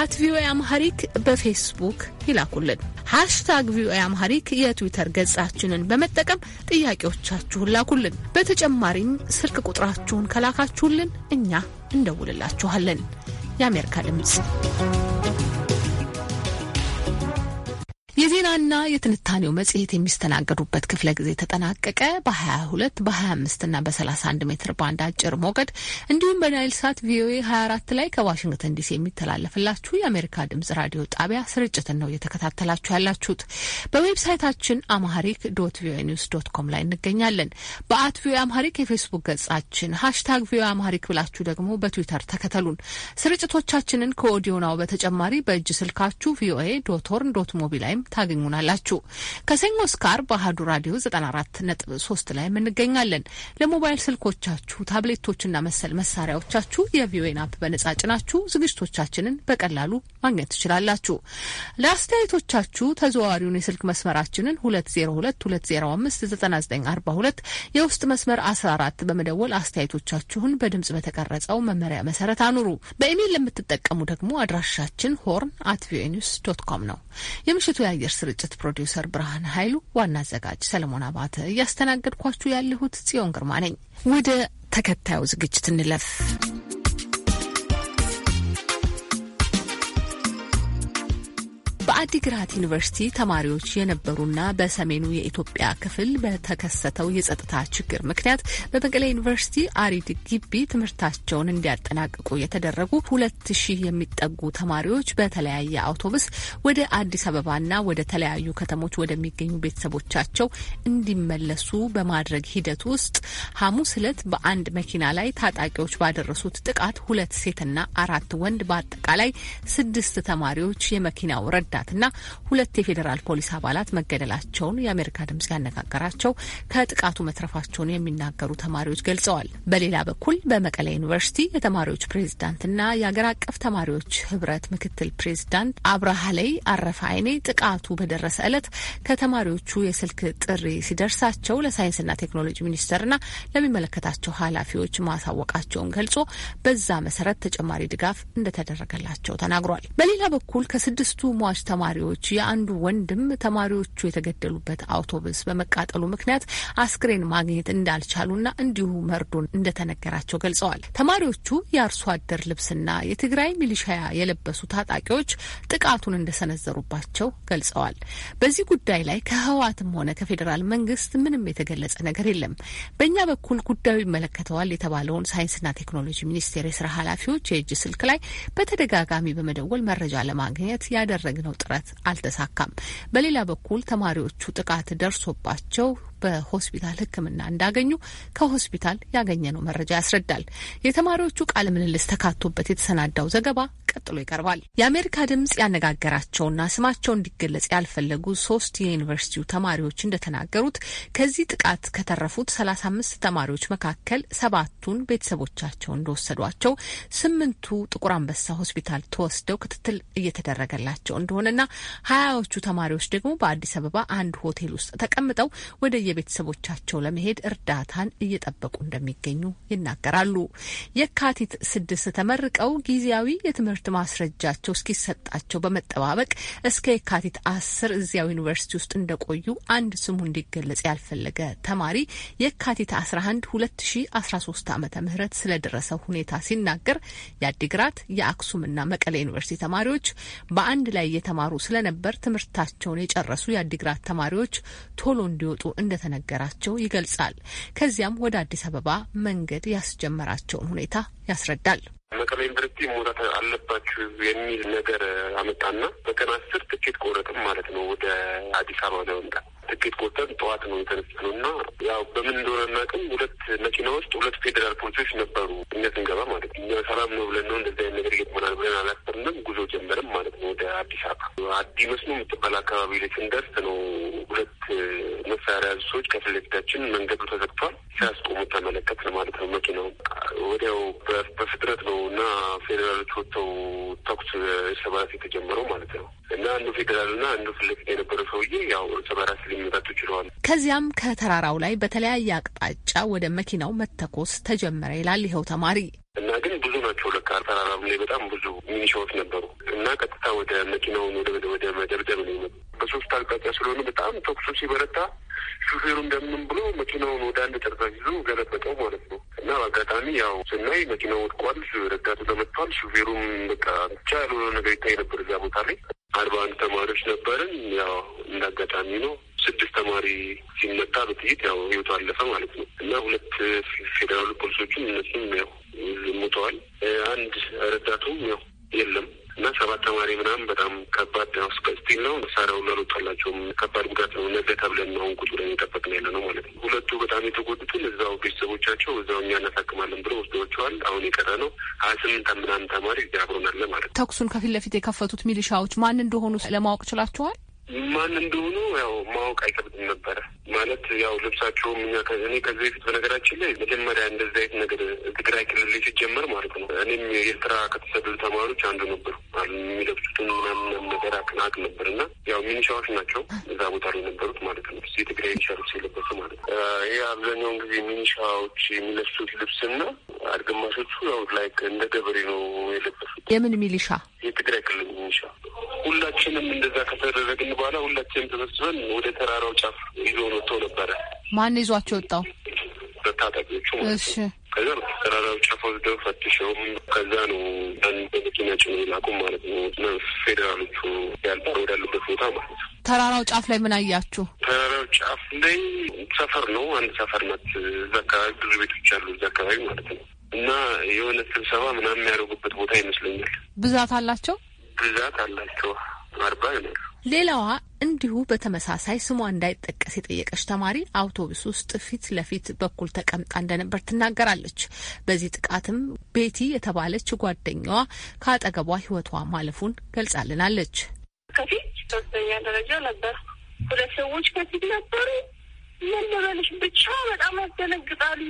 አት ቪኦኤ አምሃሪክ በፌስቡክ ይላኩልን። ሃሽታግ ቪኦኤ አምሃሪክ የትዊተር ገጻችንን በመጠቀም ጥያቄዎቻችሁን ላኩልን። በተጨማሪም ስልክ ቁጥራችሁን ከላካችሁልን እኛ እንደውልላችኋለን። የአሜሪካ ድምፅ የዜናና የትንታኔው መጽሔት የሚስተናገዱበት ክፍለ ጊዜ ተጠናቀቀ። በ22 በ25 እና በ31 ሜትር ባንድ አጭር ሞገድ እንዲሁም በናይል ሳት ቪኦኤ 24 ላይ ከዋሽንግተን ዲሲ የሚተላለፍላችሁ የአሜሪካ ድምጽ ራዲዮ ጣቢያ ስርጭትን ነው እየተከታተላችሁ ያላችሁት። በዌብሳይታችን አማሪክ ዶት ቪኦኤ ኒውስ ዶት ኮም ላይ እንገኛለን። በአት ቪኦኤ አማሪክ የፌስቡክ ገጻችን ሀሽታግ ቪኦኤ አማሪክ ብላችሁ ደግሞ በትዊተር ተከተሉን። ስርጭቶቻችንን ከኦዲዮናው በተጨማሪ በእጅ ስልካችሁ ቪኦኤ ዶት ሆርን ዶት ሞቢ ላይም ፕሮግራም ታገኙናላችሁ። ከሰኞ እስከ አርብ በአህዱ ራዲዮ 94.3 ላይ እንገኛለን። ለሞባይል ስልኮቻችሁ ታብሌቶችና መሰል መሳሪያዎቻችሁ የቪኦኤን አፕ በነጻ ጭናችሁ ዝግጅቶቻችንን በቀላሉ ማግኘት ትችላላችሁ። ለአስተያየቶቻችሁ ተዘዋዋሪውን የስልክ መስመራችንን 2022059942 የውስጥ መስመር 14 በመደወል አስተያየቶቻችሁን በድምጽ በተቀረጸው መመሪያ መሰረት አኑሩ። በኢሜይል ለምትጠቀሙ ደግሞ አድራሻችን ሆርን አት ቪኦኤ ኒውስ ዶት ኮም ነው። የምሽቱ የአየር ስርጭት ፕሮዲውሰር ብርሃን ኃይሉ፣ ዋና አዘጋጅ ሰለሞን አባተ፣ እያስተናገድኳችሁ ያለሁት ጽዮን ግርማ ነኝ። ወደ ተከታዩ ዝግጅት እንለፍ። በአዲግራት ዩኒቨርሲቲ ተማሪዎች የነበሩና በሰሜኑ የኢትዮጵያ ክፍል በተከሰተው የጸጥታ ችግር ምክንያት በመቀለ ዩኒቨርሲቲ አሪድ ግቢ ትምህርታቸውን እንዲያጠናቅቁ የተደረጉ ሁለት ሺህ የሚጠጉ ተማሪዎች በተለያየ አውቶቡስ ወደ አዲስ አበባና ወደ ተለያዩ ከተሞች ወደሚገኙ ቤተሰቦቻቸው እንዲመለሱ በማድረግ ሂደት ውስጥ ሐሙስ እለት በአንድ መኪና ላይ ታጣቂዎች ባደረሱት ጥቃት ሁለት ሴትና አራት ወንድ በአጠቃላይ ስድስት ተማሪዎች የመኪናው ረዳት አባላትና ሁለት የፌዴራል ፖሊስ አባላት መገደላቸውን የአሜሪካ ድምጽ ያነጋገራቸው ከጥቃቱ መትረፋቸውን የሚናገሩ ተማሪዎች ገልጸዋል። በሌላ በኩል በመቀለ ዩኒቨርሲቲ የተማሪዎች ፕሬዝዳንትና የአገር አቀፍ ተማሪዎች ህብረት ምክትል ፕሬዝዳንት አብርሃ ላይ አረፈ አይኔ ጥቃቱ በደረሰ ዕለት ከተማሪዎቹ የስልክ ጥሪ ሲደርሳቸው ለሳይንስና ቴክኖሎጂ ሚኒስቴርና ለሚመለከታቸው ኃላፊዎች ማሳወቃቸውን ገልጾ በዛ መሰረት ተጨማሪ ድጋፍ እንደተደረገላቸው ተናግሯል። በሌላ በኩል ከስድስቱ ሟች ተማሪዎች የአንዱ ወንድም ተማሪዎቹ የተገደሉበት አውቶቡስ በመቃጠሉ ምክንያት አስክሬን ማግኘት እንዳልቻሉና እንዲሁ መርዶን እንደተነገራቸው ገልጸዋል። ተማሪዎቹ የአርሶ አደር ልብስና የትግራይ ሚሊሻያ የለበሱ ታጣቂዎች ጥቃቱን እንደሰነዘሩባቸው ገልጸዋል። በዚህ ጉዳይ ላይ ከህወሓትም ሆነ ከፌዴራል መንግስት ምንም የተገለጸ ነገር የለም። በእኛ በኩል ጉዳዩ ይመለከተዋል የተባለውን ሳይንስና ቴክኖሎጂ ሚኒስቴር የስራ ኃላፊዎች የእጅ ስልክ ላይ በተደጋጋሚ በመደወል መረጃ ለማግኘት ያደረግነው ጥረት ጥረት አልተሳካም። በሌላ በኩል ተማሪዎቹ ጥቃት ደርሶባቸው በሆስፒታል ሕክምና እንዳገኙ ከሆስፒታል ያገኘነው መረጃ ያስረዳል። የተማሪዎቹ ቃለ ምልልስ ተካቶበት የተሰናዳው ዘገባ ቀጥሎ ይቀርባል። የአሜሪካ ድምጽ ያነጋገራቸውና ስማቸው እንዲገለጽ ያልፈለጉ ሶስት የዩኒቨርሲቲው ተማሪዎች እንደተናገሩት ከዚህ ጥቃት ከተረፉት ሰላሳ አምስት ተማሪዎች መካከል ሰባቱን ቤተሰቦቻቸው እንደወሰዷቸው፣ ስምንቱ ጥቁር አንበሳ ሆስፒታል ተወስደው ክትትል እየተደረገላቸው እንደሆነና ሀያዎቹ ተማሪዎች ደግሞ በአዲስ አበባ አንድ ሆቴል ውስጥ ተቀምጠው ወደ ወደ ቤተሰቦቻቸው ለመሄድ እርዳታን እየጠበቁ እንደሚገኙ ይናገራሉ። የካቲት ስድስት ተመርቀው ጊዜያዊ የትምህርት ማስረጃቸው እስኪሰጣቸው በመጠባበቅ እስከ የካቲት አስር እዚያው ዩኒቨርሲቲ ውስጥ እንደቆዩ አንድ ስሙ እንዲገለጽ ያልፈለገ ተማሪ የካቲት አስራ አንድ ሁለት ሺ አስራ ሶስት አመተ ምህረት ስለደረሰው ሁኔታ ሲናገር የአዲግራት የአክሱምና መቀሌ ዩኒቨርሲቲ ተማሪዎች በአንድ ላይ የተማሩ ስለነበር ትምህርታቸውን የጨረሱ የአዲግራት ተማሪዎች ቶሎ እንዲወጡ እንደ እንደተነገራቸው ይገልጻል። ከዚያም ወደ አዲስ አበባ መንገድ ያስጀመራቸውን ሁኔታ ያስረዳል። መቀሌ ዩኒቨርሲቲ መውጣት አለባችሁ የሚል ነገር አመጣና በቀን አስር ትኬት ቆረጥም ማለት ነው ወደ አዲስ አበባ ለመምጣት ትኬት ቆርጠን ጠዋት ነው የተነሳነው እና ያው በምን እንደሆነ እናቅም ሁለት መኪና ውስጥ ሁለት ፌዴራል ፖሊሶች ነበሩ። እኛ ስንገባ ማለት ነው። ሰላም ነው ብለን ነው እንደዚህ አይነት ነገር ይገጥመናል ብለን አላሰብንም። ጉዞ ጀመርም ማለት ነው ወደ አዲስ አበባ። አዲ መስኖ የምትባል አካባቢ ላይ ስንደርስ ነው ሁለት መሳሪያ ያዙ ሰዎች ከፊት ለፊታችን መንገዱ ተዘግቷል ሲያስቆሙ ተመለከት ነው ማለት ነው። መኪናው ወዲያው በፍጥነት ነው እና ፌዴራሎች ወጥተው ተኩስ ሰባት የተጀመረው ማለት ነው። እና አንዱ ፌዴራል እና አንዱ ፍለፊት የነበረ ሰውዬ ያው እርስ በራስ ሊመጣጡ ችለዋል። ከዚያም ከተራራው ላይ በተለያየ አቅጣጫ ወደ መኪናው መተኮስ ተጀመረ ይላል ይኸው ተማሪ። እና ግን ብዙ ናቸው ለካ ተራራም ላይ በጣም ብዙ ሚኒሻዎች ነበሩ። እና ቀጥታ ወደ መኪናውን ወደ ወደ መደብደብ ነው ይመጡ በሶስት አቅጣጫ ስለሆነ በጣም ተኩሱ ሲበረታ ሹፌሩ እንደምን ብሎ መኪናውን ወደ አንድ ጠርዛፍ ይዞ ገለበጠው ማለት ነው። እና በአጋጣሚ ያው ስናይ መኪናው ወድቋል፣ ረዳቱ ተመቷል። ሹፌሩም በቃ ብቻ ያልሆነ ነገር ይታይ ነበር እዚያ ቦታ ላይ አርባ አንድ ተማሪዎች ነበርን። ያው አጋጣሚ ነው ስድስት ተማሪ ሲመታ በጥይት ያው ህይወቱ አለፈ ማለት ነው እና ሁለት ፌዴራሉ ፖሊሶችም እነሱም ያው ሙተዋል። አንድ ረዳቱም ያው የለም እና ሰባት ተማሪ ምናምን በጣም ከባድ ስቲል ነው። መሳሪያው ለሮጣላቸውም ከባድ ጉዳት ነው። ነገ ተብለን ነው ቁጭ ብለን የጠበቅን ያለ ነው ማለት ነው። ሁለቱ በጣም የተጎዱትን እዛው ቤተሰቦቻቸው እዛው እኛ እናሳክማለን ብሎ ወስደዋቸዋል። አሁን የቀረ ነው ሀያ ስምንት ምናምን ተማሪ እዚ አብሮናለ ማለት ነው። ተኩሱን ከፊት ለፊት የከፈቱት ሚሊሻዎች ማን እንደሆኑ ለማወቅ ችላችኋል? ማን እንደሆኑ ያው ማወቅ አይከብድም ነበረ ማለት ያው ልብሳቸውም እኛ እኔ ከዚህ በፊት በነገራችን ላይ መጀመሪያ እንደዚህ አይነት ነገር ትግራይ ክልል ሲጀመር ማለት ነው እኔም የኤርትራ ከተሰደዱ ተማሪዎች አንዱ ነበሩ። የሚለብሱትን ምናምን ነገር አቅናቅ ነበር እና ያው ሚኒሻዎች ናቸው እዛ ቦታ ላይ የነበሩት ማለት ነው። የትግራይ ሚኒሻዎች የለበሱ ማለት ነው። ይህ አብዛኛውን ጊዜ ሚኒሻዎች የሚለብሱት ልብስና ግማሾቹ ያው ላይክ እንደ ገበሬ ነው የለበሱት። የምን ሚሊሻ? የትግራይ ክልል ሚኒሻ ሁላችንም እንደዛ ከተደረግን በኋላ ሁላችንም ተሰብስበን ወደ ተራራው ጫፍ ይዞ ነው ወጥቶ ነበረ። ማን ይዟቸው ወጣው? በታጣቂዎቹ ማለት ነው። ተራራው ጫፍ ወስደው ፈትሸውም ከዛ ነው በመኪና ጭኖ ላቁም ማለት ነው። ፌዴራሎቹ ያልባር ወዳሉበት ቦታ ማለት ነው። ተራራው ጫፍ ላይ ምን አያችሁ? ተራራው ጫፍ ላይ ሰፈር ነው። አንድ ሰፈር ናት። እዛ አካባቢ ብዙ ቤቶች አሉ። እዛ አካባቢ ማለት ነው። እና የሆነ ስብሰባ ምናምን የሚያደርጉበት ቦታ ይመስለኛል። ብዛት አላቸው፣ ብዛት አላቸው። አርባ ይሆናሉ ሌላዋ እንዲሁ በተመሳሳይ ስሟ እንዳይጠቀስ የጠየቀች ተማሪ አውቶቡስ ውስጥ ፊት ለፊት በኩል ተቀምጣ እንደነበር ትናገራለች። በዚህ ጥቃትም ቤቲ የተባለች ጓደኛዋ ከአጠገቧ ሕይወቷ ማለፉን ገልጻልናለች። ከፊት ሶስተኛ ደረጃ ነበር፣ ሁለት ሰዎች ከፊት ነበሩ። ምን ልበልሽ ብቻ በጣም ያስደነግጣል።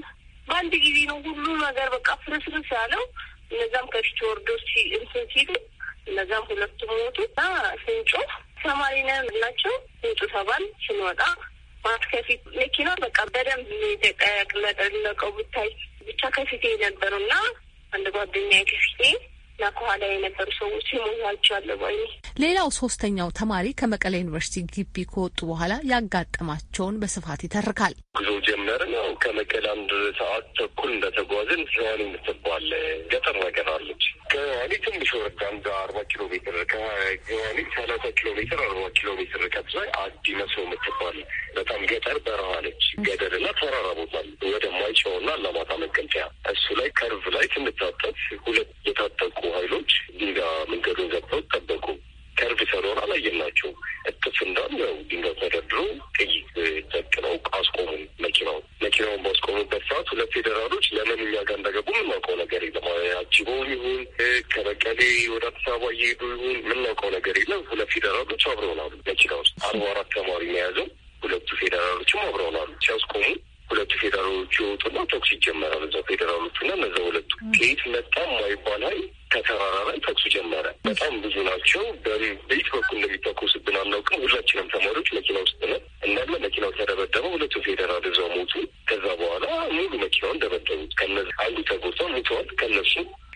በአንድ ጊዜ ነው ሁሉ ነገር በቃ ፍርስርስ ያለው። እነዛም ከፊት ወርዶ እንትን ሲሉ እነዛም ሁለቱ ሞቱ ስንጮህ ተማሪ ነ ብላችሁ ውጡ ተባል ስንወጣ ማት ከፊት መኪና በቃ በደንብ የተቀለጠለቀው ብታይ ብቻ ከፊት የነበሩ ና አንድ ጓደኛ ከፊቴ እና ከኋላ የነበሩ ሰዎች አለ ወይ። ሌላው ሶስተኛው ተማሪ ከመቀለ ዩኒቨርሲቲ ግቢ ከወጡ በኋላ ያጋጠማቸውን በስፋት ይተርካል። ጉዞ ጀመርን። ያው ከመቀሌ አንድ ሰዓት ተኩል እንደተጓዝን ዘዋን የምትባል ገጠር ነገር አለች ከዋሊት ትንሽ ወረዳ አንድ አርባ ኪሎ ሜትር ከዋሊት ሰላሳ ኪሎ ሜትር አርባ ኪሎ ሜትር ርቀት ላይ አዲ መስ የምትባል በጣም ገጠር በረሃለች ገደል ና ተራራ ቦታል ወደ ና አላማጣ መገንጠያ እሱ ላይ ከርቭ ላይ ትንታጠፍ ሁለት የታጠቁ ሀይሎች ድንጋይ መንገዱን ገብተው ጠበቁ። ከርብ ሰሮን አላየናቸውም። እጥፍ እንዳል ያው ድንገት ተደርድሮ ጥይት ዘቅነው አስቆሙን። መኪናውን መኪናውን ባስቆሙበት ሰዓት ሁለት ፌዴራሎች ለምን እኛ ጋር እንደገቡ የምናውቀው ነገር የለም። አጅበውን ይሁን ከመቀሌ ወደ አዲስ አበባ እየሄዱ ይሁን የምናውቀው ነገር የለም። ሁለት ፌዴራሎች አብረውናሉ። መኪና ውስጥ አርባ አራት ተማሪ የያዘው ሁለቱ ፌዴራሎችም አብረውናሉ ሲያስቆሙ ሁለቱ ፌዴራሎቹ የወጡና ተኩስ ይጀመራል። እዛ ና እነዛ ሁለቱ ከየት መጣ ማይባላይ ከተራራ ላይ ተኩሱ ጀመረ። በጣም ብዙ ናቸው። በየት በኩል እንደሚተኩስብን አናውቅም። ሁላችንም ተማሪዎች መኪና ውስጥ ነን እናለ መኪናው ተደበደበ። ሁለቱ ፌዴራል እዛው ሞቱ። ከዛ በኋላ ሙሉ መኪናውን ደበደቡት። ከነዚ አንዱ ተጎድቷል፣ ሙተዋል። ከነሱ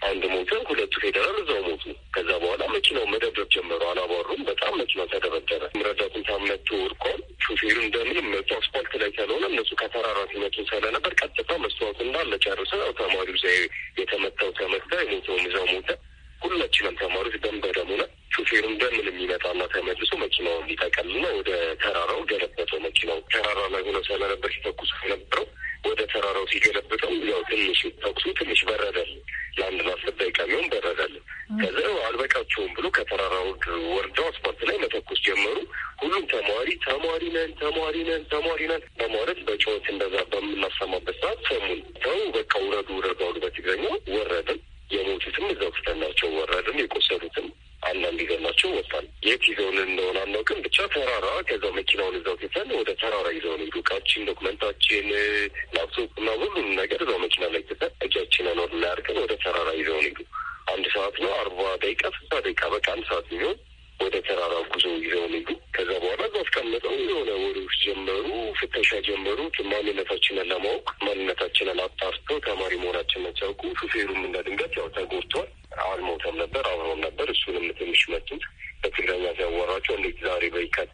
አንድ ሞተ፣ ሁለቱ ፌዴራል እዛው ሞቱ። ከዛ በኋላ መኪናው መደብደብ ጀመሩ። አላባሩም። በጣም መኪናው ተደበደበ። ረዳቱን ታመቱ ወድቋል። ሹፌሩ እንደምንም መጡ። አስፓልት ላይ ስለሆነ እነሱ ከተራራ ሲመጡ ስለነበር ቀጥታ መስተዋቱ እንዳለ ጨርሰ ተማሪ ዛ የተመታው ተመታ፣ የሞተውም እዛው ሞተ። ሁላችንም ተማሪዎች ደም በደም ሆነ። ሹፌሩ እንደምን የሚመጣና ተመልሶ መኪናው ሊጠቀልና ወደ ተራራው ገለበጠው። መኪናው ተራራ ላይ ሆነ ስለነበር ሲተኩስ ነበረው ወደ ተራራው ሲገለብጠው ያው ትንሽ ተኩሱ ትንሽ በረዳል። ለአንድ ለአስር ደቂቃ የሚሆን በረዳል። ከዚ አልበቃቸውም ብሎ ከተራራው ወርደው አስፓልት ላይ መተኮስ ጀመሩ። ሁሉም ተማሪ ተማሪ ነን ተማሪ ነን ተማሪ ነን በማለት በጩኸት እንደዛ በምናሰማበት ሰዓት ሰሙን ተው በቃ ውረዱ ውረዱ አሉ በትግረኛ። ወረድን። የሞቱትም እዛው ትተናቸው ወረድን። የቆሰሉትም አንዳንድ ይዘናቸው ወጣል። የት ይዘውን እንደሆነ አናውቅም። ብቻ ተራራ፣ ከዛ መኪናውን እዛው ትተን ወደ ተራራ ይዘውን ዱቃችን፣ ዶክመንታችን፣ ላፕቶፕና ሁሉም ነገር እዛው መኪና ላይ ትተን እጃችን ኖር ላይ ወደ ተራራ ይዘውን አንድ ሰዓት ነው አርባ ደቂቃ ስልሳ ደቂቃ በቃ አንድ ሰዓት የሚሆን ወደ ተራራው ጉዞ ይዘው ልዩ ከዛ በኋላ እዛ አስቀምጠው የሆነ ወሬዎች ጀመሩ፣ ፍተሻ ጀመሩ። ማንነታችንን ለማወቅ ማንነታችንን አጣርተው ተማሪ መሆናችንን ሲያውቁ ሹፌሩም እና ድንጋት ያው ተጎድቷል። አልሞተም ነበር፣ አብሮም ነበር። እሱንም ትንሽ መጡት። በትግረኛ ሲያወራቸው እንዴት ዛሬ በይካት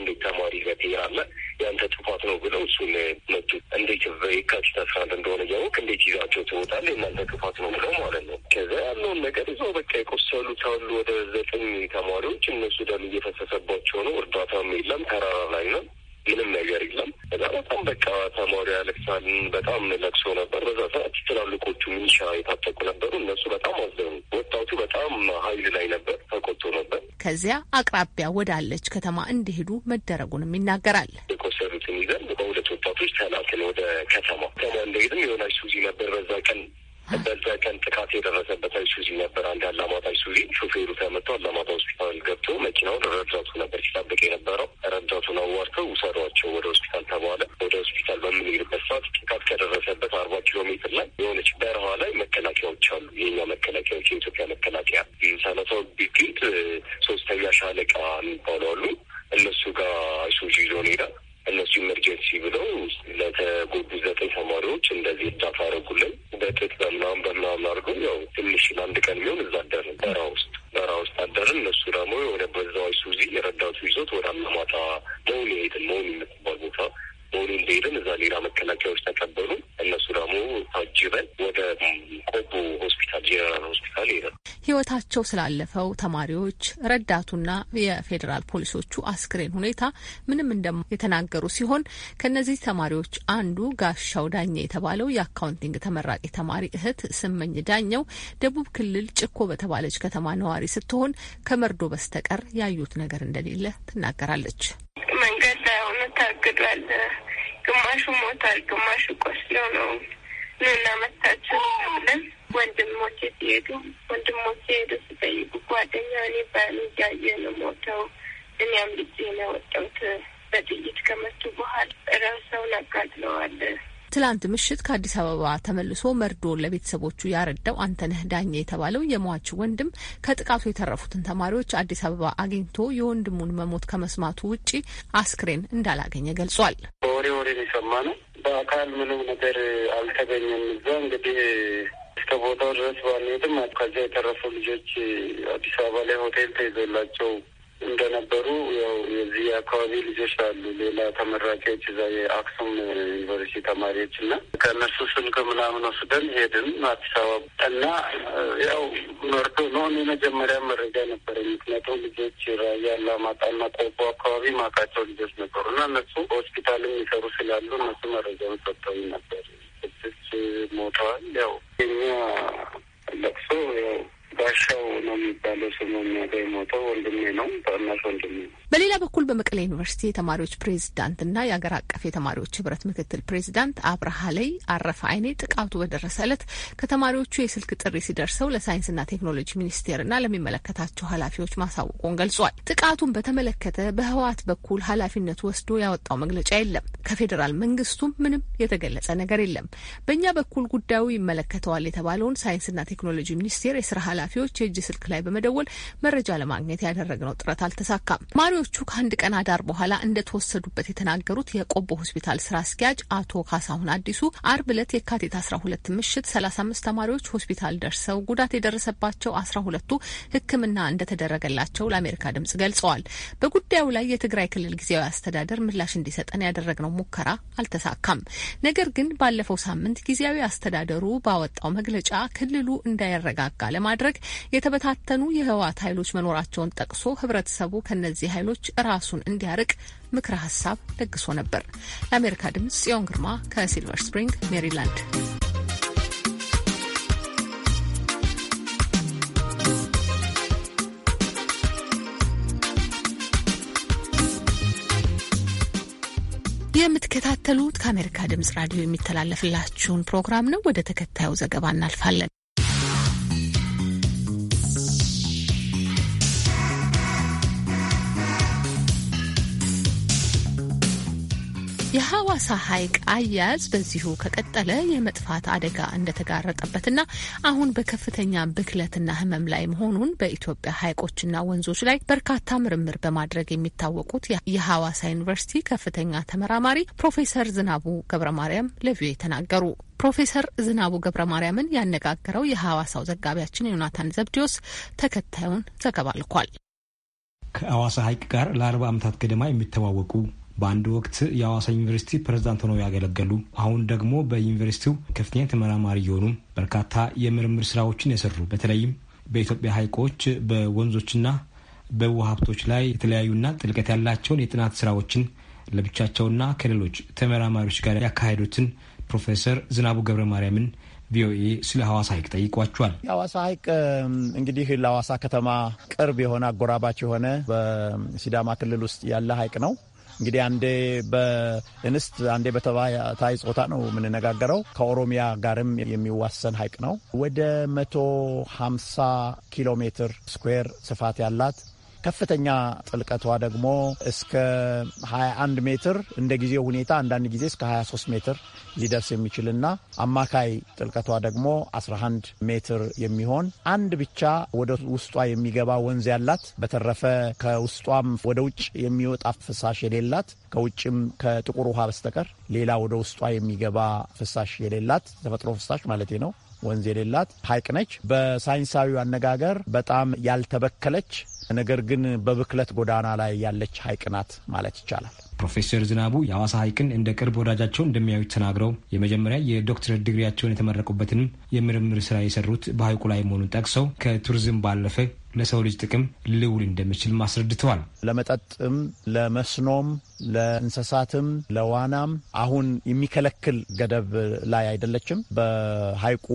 እንዴት ተማሪ ትሄዳለህ? ያንተ ጥፋት ነው ብለው እሱን መጡ። እንዴት በየካቲት እንደሆነ እያወቅ እንዴት ይዛቸው ትወጣለህ? የእናንተ ጥፋት ነው ብለው ማለት ነው። ከዛ ያለውን ነገር እዛው በቃ የቆሰሉት አሉ ወደ ዘጠኝ ተማሪዎች እነሱ ደም እየፈሰሰባቸው ነው። እርዳታም የለም ተራራ ላይ ነው። ምንም ነገር የለም። እዛ በጣም በቃ ተማሪ ያለቅሳል። በጣም ለቅሶ ነበር። በዛ ሰዓት ትላልቆቹ ሚኒሻ የታጠቁ ነበሩ። እነሱ በጣም አዘኑ። ወጣቱ በጣም ኃይል ላይ ነበር፣ ተቆጥቶ ነበር። ከዚያ አቅራቢያ ወዳለች ከተማ እንዲሄዱ መደረጉንም ይናገራል። የቆሰሉትን ይዘን በሁለት ወጣቶች ተላክን ወደ ከተማ። ከተማ እንደሄድም የሆነ ሱዚ ነበር በዛ ቀን በቀን ጥቃት የደረሰበት አይሱዚ ነበር። አንድ አላማጣ አይሱዚ ሾፌሩ ተመቶ አላማጣ ሆስፒታል ገብቶ መኪናውን ረዳቱ ነበር ሲጠብቅ የነበረው። ረዳቱን አዋርተው ውሰዷቸው ወደ ሆስፒታል ተባለ። ወደ ሆስፒታል በምንሄድበት ሰዓት ጥቃት ከደረሰበት አርባ ኪሎ ሜትር ላይ የሆነች በረሃ ላይ መከላከያዎች አሉ። የኛ መከላከያዎች የኢትዮጵያ መከላከያ ሰላሳ ቢግት ሶስተኛ ሻለቃ የሚባሉ ሕይወታቸው ስላለፈው ተማሪዎች ረዳቱና የፌዴራል ፖሊሶቹ አስክሬን ሁኔታ ምንም እንደማ የተናገሩ ሲሆን ከእነዚህ ተማሪዎች አንዱ ጋሻው ዳኛ የተባለው የአካውንቲንግ ተመራቂ ተማሪ እህት ስመኝ ዳኘው ደቡብ ክልል ጭኮ በተባለች ከተማ ነዋሪ ስትሆን ከመርዶ በስተቀር ያዩት ነገር እንደሌለ ትናገራለች። መንገድ ላይ ሆነ ታግዷል። ግማሹ ሞታል፣ ግማሹ ቆስሎ ነው። ኑና መታችሁ ብለን ወንድሞቼ ሲሄዱ ወንድሞቼ ሄዱ ሲጠይቁ ጓደኛ እኔ ነው ሞተው እኔም ልጄ ነው ወጣሁት በጥይት ከመቱ በኋላ ራሰውን አቃጥለዋል። ትላንት ምሽት ከአዲስ አበባ ተመልሶ መርዶ ለቤተሰቦቹ ያረዳው አንተነህ ዳኘ የተባለው የሟች ወንድም ከጥቃቱ የተረፉትን ተማሪዎች አዲስ አበባ አግኝቶ የወንድሙን መሞት ከመስማቱ ውጪ አስክሬን እንዳላገኘ ገልጿል። በወሬ ወሬ የሰማ ነው። በአካል ምንም ነገር አልተገኘም። እዛ እንግዲህ እስከ ቦታው ድረስ ባንሄድም ከዚያ የተረፉ ልጆች አዲስ አበባ ላይ ሆቴል ተይዞላቸው እንደነበሩ ያው የዚህ አካባቢ ልጆች አሉ። ሌላ ተመራቂዎች እዛ የአክሱም ዩኒቨርሲቲ ተማሪዎች እና ከእነሱ ስልክ ምናምን ወስደን ሄድን አዲስ አበባ እና ያው መርቶ ነሆን የመጀመሪያ መረጃ ነበረ። ምክንያቱም ልጆች ራያ አላማጣና ቆቦ አካባቢ ማቃቸው ልጆች ነበሩ እና እነሱ ሆስፒታልም የሚሰሩ ስላሉ እነሱ መረጃውን ሰጥተውኝ ነበር። ሞተዋል። ያው የኛ ለቅሶ ያው ባሻው ነው የሚባለው ስሙ የሞተው ወንድሜ ነው፣ ታናሽ ወንድሜ ነው። በሌላ በኩል በመቀሌ ዩኒቨርሲቲ የተማሪዎች ፕሬዚዳንትና የአገር አቀፍ የተማሪዎች ህብረት ምክትል ፕሬዚዳንት አብርሃ ላይ አረፈ አይኔ ጥቃቱ በደረሰ ዕለት ከተማሪዎቹ የስልክ ጥሪ ሲደርሰው ለሳይንስና ቴክኖሎጂ ሚኒስቴርና ለሚመለከታቸው ኃላፊዎች ማሳወቁን ገልጿል። ጥቃቱን በተመለከተ በህወሓት በኩል ኃላፊነት ወስዶ ያወጣው መግለጫ የለም። ከፌዴራል መንግስቱም ምንም የተገለጸ ነገር የለም። በእኛ በኩል ጉዳዩ ይመለከተዋል የተባለውን ሳይንስና ቴክኖሎጂ ሚኒስቴር የስራ ኃላፊዎች የእጅ ስልክ ላይ በመደወል መረጃ ለማግኘት ያደረግነው ጥረት አልተሳካም። ተማሪዎቹ ከአንድ ቀን አዳር በኋላ እንደተወሰዱበት የተናገሩት የቆቦ ሆስፒታል ስራ አስኪያጅ አቶ ካሳሁን አዲሱ አርብ ዕለት የካቲት 12 ምሽት አምስት ተማሪዎች ሆስፒታል ደርሰው ጉዳት የደረሰባቸው አስራ ሁለቱ ሕክምና እንደተደረገላቸው ለአሜሪካ ድምጽ ገልጸዋል። በጉዳዩ ላይ የትግራይ ክልል ጊዜያዊ አስተዳደር ምላሽ እንዲሰጠን ያደረግነው ሙከራ አልተሳካም። ነገር ግን ባለፈው ሳምንት ጊዜያዊ አስተዳደሩ ባወጣው መግለጫ ክልሉ እንዳይረጋጋ ለማድረግ ለማድረግ የተበታተኑ የህወሓት ኃይሎች መኖራቸውን ጠቅሶ ህብረተሰቡ ከነዚህ ኃይሎች ራሱን እንዲያርቅ ምክረ ሀሳብ ለግሶ ነበር። ለአሜሪካ ድምጽ ጽዮን ግርማ ከሲልቨር ስፕሪንግ ሜሪላንድ። የምትከታተሉት ከአሜሪካ ድምጽ ራዲዮ የሚተላለፍላችሁን ፕሮግራም ነው። ወደ ተከታዩ ዘገባ እናልፋለን። የሐዋሳ ሐይቅ አያያዝ በዚሁ ከቀጠለ የመጥፋት አደጋ እንደተጋረጠበትና አሁን በከፍተኛ ብክለትና ሕመም ላይ መሆኑን በኢትዮጵያ ሐይቆችና ወንዞች ላይ በርካታ ምርምር በማድረግ የሚታወቁት የሐዋሳ ዩኒቨርሲቲ ከፍተኛ ተመራማሪ ፕሮፌሰር ዝናቡ ገብረ ማርያም ለቪኦኤ ተናገሩ። ፕሮፌሰር ዝናቡ ገብረ ማርያምን ያነጋገረው የሐዋሳው ዘጋቢያችን ዮናታን ዘብዲዮስ ተከታዩን ዘገባ ልኳል። ከሐዋሳ ሐይቅ ጋር ለአርባ ዓመታት ገደማ የሚተዋወቁ በአንድ ወቅት የአዋሳ ዩኒቨርሲቲ ፕሬዝዳንት ሆነው ያገለገሉ፣ አሁን ደግሞ በዩኒቨርሲቲው ከፍተኛ ተመራማሪ የሆኑ በርካታ የምርምር ስራዎችን የሰሩ በተለይም በኢትዮጵያ ሀይቆች በወንዞችና በውሃ ሀብቶች ላይ የተለያዩና ጥልቀት ያላቸውን የጥናት ስራዎችን ለብቻቸውና ከሌሎች ተመራማሪዎች ጋር ያካሄዱትን ፕሮፌሰር ዝናቡ ገብረ ማርያምን ቪኦኤ ስለ ሐዋሳ ሐይቅ ጠይቋቸዋል። የሐዋሳ ሐይቅ እንግዲህ ለሐዋሳ ከተማ ቅርብ የሆነ አጎራባች የሆነ በሲዳማ ክልል ውስጥ ያለ ሐይቅ ነው። እንግዲህ አንዴ በእንስት አንዴ በተባታይ ጾታ ነው የምንነጋገረው። ከኦሮሚያ ጋርም የሚዋሰን ሀይቅ ነው። ወደ መቶ ሃምሳ ኪሎ ሜትር ስኩዌር ስፋት ያላት ከፍተኛ ጥልቀቷ ደግሞ እስከ 21 ሜትር እንደ ጊዜው ሁኔታ አንዳንድ ጊዜ እስከ 23 ሜትር ሊደርስ የሚችልና አማካይ ጥልቀቷ ደግሞ 11 ሜትር የሚሆን አንድ ብቻ ወደ ውስጧ የሚገባ ወንዝ ያላት፣ በተረፈ ከውስጧም ወደ ውጭ የሚወጣ ፍሳሽ የሌላት ከውጭም ከጥቁር ውሃ በስተቀር ሌላ ወደ ውስጧ የሚገባ ፍሳሽ የሌላት ተፈጥሮ ፍሳሽ ማለት ነው ወንዝ የሌላት ሀይቅ ነች። በሳይንሳዊ አነጋገር በጣም ያልተበከለች ነገር ግን በብክለት ጎዳና ላይ ያለች ሀይቅ ናት ማለት ይቻላል። ፕሮፌሰር ዝናቡ የአዋሳ ሀይቅን እንደ ቅርብ ወዳጃቸው እንደሚያዩት ተናግረው የመጀመሪያ የዶክትሬት ዲግሪያቸውን የተመረቁበትንም የምርምር ስራ የሰሩት በሀይቁ ላይ መሆኑን ጠቅሰው ከቱሪዝም ባለፈ ለሰው ልጅ ጥቅም ልውል እንደሚችል አስረድተዋል። ለመጠጥም፣ ለመስኖም፣ ለእንስሳትም፣ ለዋናም አሁን የሚከለክል ገደብ ላይ አይደለችም። በሀይቁ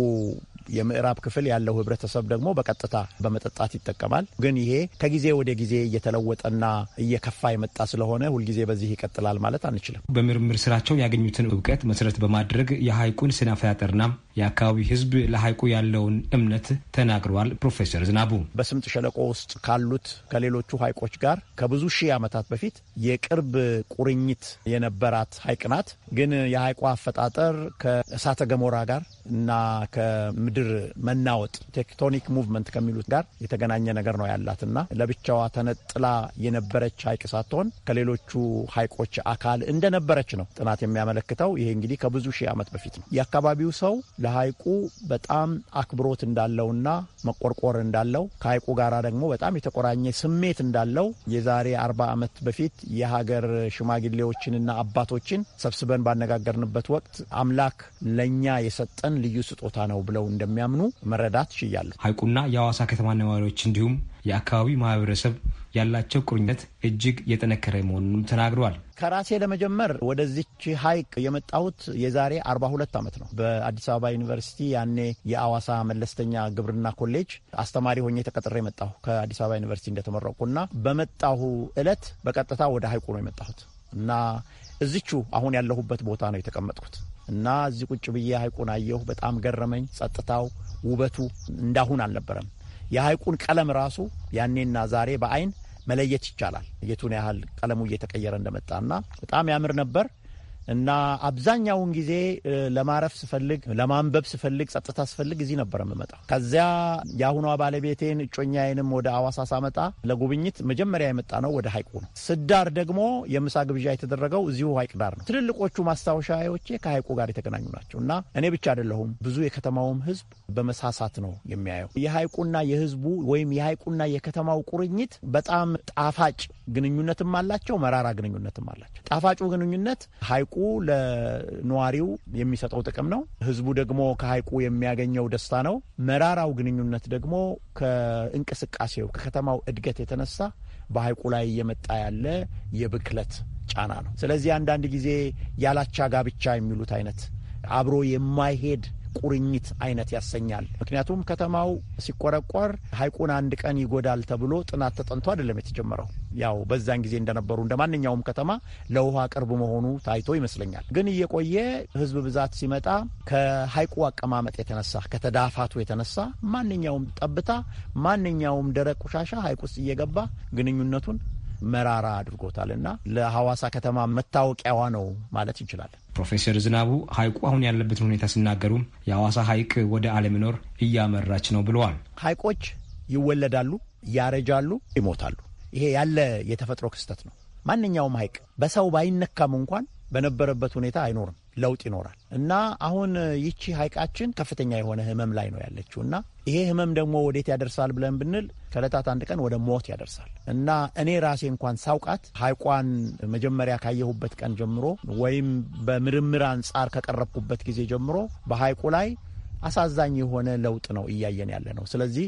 የምዕራብ ክፍል ያለው ህብረተሰብ ደግሞ በቀጥታ በመጠጣት ይጠቀማል። ግን ይሄ ከጊዜ ወደ ጊዜ እየተለወጠና እየከፋ የመጣ ስለሆነ ሁልጊዜ በዚህ ይቀጥላል ማለት አንችልም። በምርምር ስራቸው ያገኙትን እውቀት መሰረት በማድረግ የሐይቁን ስነ አፈጣጠርና የአካባቢ ህዝብ ለሐይቁ ያለውን እምነት ተናግረዋል። ፕሮፌሰር ዝናቡ በስምጥ ሸለቆ ውስጥ ካሉት ከሌሎቹ ሐይቆች ጋር ከብዙ ሺህ ዓመታት በፊት የቅርብ ቁርኝት የነበራት ሀይቅ ናት። ግን የሐይቋ አፈጣጠር ከእሳተ ገሞራ ጋር እና ከምድር መናወጥ ቴክቶኒክ ሙቭመንት ከሚሉት ጋር የተገናኘ ነገር ነው ያላት እና ለብቻዋ ተነጥላ የነበረች ሀይቅ ሳትሆን ከሌሎቹ ሀይቆች አካል እንደነበረች ነው ጥናት የሚያመለክተው። ይሄ እንግዲህ ከብዙ ሺህ ዓመት በፊት ነው። የአካባቢው ሰው ለሀይቁ በጣም አክብሮት እንዳለውና መቆርቆር እንዳለው ከሀይቁ ጋራ ደግሞ በጣም የተቆራኘ ስሜት እንዳለው የዛሬ አርባ ዓመት በፊት የሀገር ሽማግሌዎችንና አባቶችን ሰብስበን ባነጋገርንበት ወቅት አምላክ ለእኛ የሰጠን ልዩ ስጦታ ነው ብለው እንደሚያምኑ መረዳት ችያለሁ። ሀይቁና የአዋሳ ከተማ ነዋሪዎች እንዲሁም የአካባቢው ማህበረሰብ ያላቸው ቁርኝነት እጅግ የጠነከረ መሆኑንም ተናግረዋል። ከራሴ ለመጀመር ወደዚች ሀይቅ የመጣሁት የዛሬ 42 ዓመት ነው። በአዲስ አበባ ዩኒቨርሲቲ ያኔ የአዋሳ መለስተኛ ግብርና ኮሌጅ አስተማሪ ሆኜ ተቀጥሬ መጣሁ። ከአዲስ አበባ ዩኒቨርሲቲ እንደተመረቁና በመጣሁ እለት በቀጥታ ወደ ሀይቁ ነው የመጣሁት እና እዚቹ አሁን ያለሁበት ቦታ ነው የተቀመጥኩት። እና እዚህ ቁጭ ብዬ ሀይቁን አየሁ። በጣም ገረመኝ። ጸጥታው፣ ውበቱ እንዳሁን አልነበረም። የሀይቁን ቀለም ራሱ ያኔና ዛሬ በአይን መለየት ይቻላል። የቱን ያህል ቀለሙ እየተቀየረ እንደመጣና በጣም ያምር ነበር። እና አብዛኛውን ጊዜ ለማረፍ ስፈልግ፣ ለማንበብ ስፈልግ፣ ጸጥታ ስፈልግ እዚህ ነበር የምመጣው። ከዚያ የአሁኗ ባለቤቴን እጮኛዬንም ወደ አዋሳ ሳመጣ ለጉብኝት መጀመሪያ የመጣ ነው ወደ ሀይቁ ነው። ስዳር ደግሞ የምሳ ግብዣ የተደረገው እዚሁ ሀይቅ ዳር ነው። ትልልቆቹ ማስታወሻዎቼ ከሀይቁ ጋር የተገናኙ ናቸው እና እኔ ብቻ አይደለሁም ብዙ የከተማውም ህዝብ በመሳሳት ነው የሚያየው። የሀይቁና የህዝቡ ወይም የሀይቁና የከተማው ቁርኝት በጣም ጣፋጭ ግንኙነትም አላቸው፣ መራራ ግንኙነትም አላቸው። ጣፋጩ ግንኙነት ሀይቁ ለነዋሪው የሚሰጠው ጥቅም ነው። ህዝቡ ደግሞ ከሀይቁ የሚያገኘው ደስታ ነው። መራራው ግንኙነት ደግሞ ከእንቅስቃሴው ከከተማው እድገት የተነሳ በሀይቁ ላይ እየመጣ ያለ የብክለት ጫና ነው። ስለዚህ አንዳንድ ጊዜ ያላቻ ጋብቻ የሚሉት አይነት አብሮ የማይሄድ ቁርኝት አይነት ያሰኛል። ምክንያቱም ከተማው ሲቆረቆር ሀይቁን አንድ ቀን ይጎዳል ተብሎ ጥናት ተጠንቶ አይደለም የተጀመረው። ያው በዛን ጊዜ እንደነበሩ እንደ ማንኛውም ከተማ ለውሃ ቅርብ መሆኑ ታይቶ ይመስለኛል። ግን እየቆየ ህዝብ ብዛት ሲመጣ ከሀይቁ አቀማመጥ የተነሳ ከተዳፋቱ የተነሳ ማንኛውም ጠብታ፣ ማንኛውም ደረቅ ቆሻሻ ሐይቅ ውስጥ እየገባ ግንኙነቱን መራራ አድርጎታል እና ለሐዋሳ ከተማ መታወቂያዋ ነው ማለት እንችላለን። ፕሮፌሰር ዝናቡ ሀይቁ አሁን ያለበትን ሁኔታ ሲናገሩ የአዋሳ ሀይቅ ወደ አለመኖር እያመራች ነው ብለዋል። ሀይቆች ይወለዳሉ፣ ያረጃሉ፣ ይሞታሉ። ይሄ ያለ የተፈጥሮ ክስተት ነው። ማንኛውም ሀይቅ በሰው ባይነካም እንኳን በነበረበት ሁኔታ አይኖርም። ለውጥ ይኖራል እና አሁን ይቺ ሀይቃችን ከፍተኛ የሆነ ህመም ላይ ነው ያለችው እና ይሄ ህመም ደግሞ ወዴት ያደርሳል ብለን ብንል ከእለታት አንድ ቀን ወደ ሞት ያደርሳል እና እኔ ራሴ እንኳን ሳውቃት ሀይቋን መጀመሪያ ካየሁበት ቀን ጀምሮ ወይም በምርምር አንጻር ከቀረብኩበት ጊዜ ጀምሮ በሀይቁ ላይ አሳዛኝ የሆነ ለውጥ ነው እያየን ያለ ነው። ስለዚህ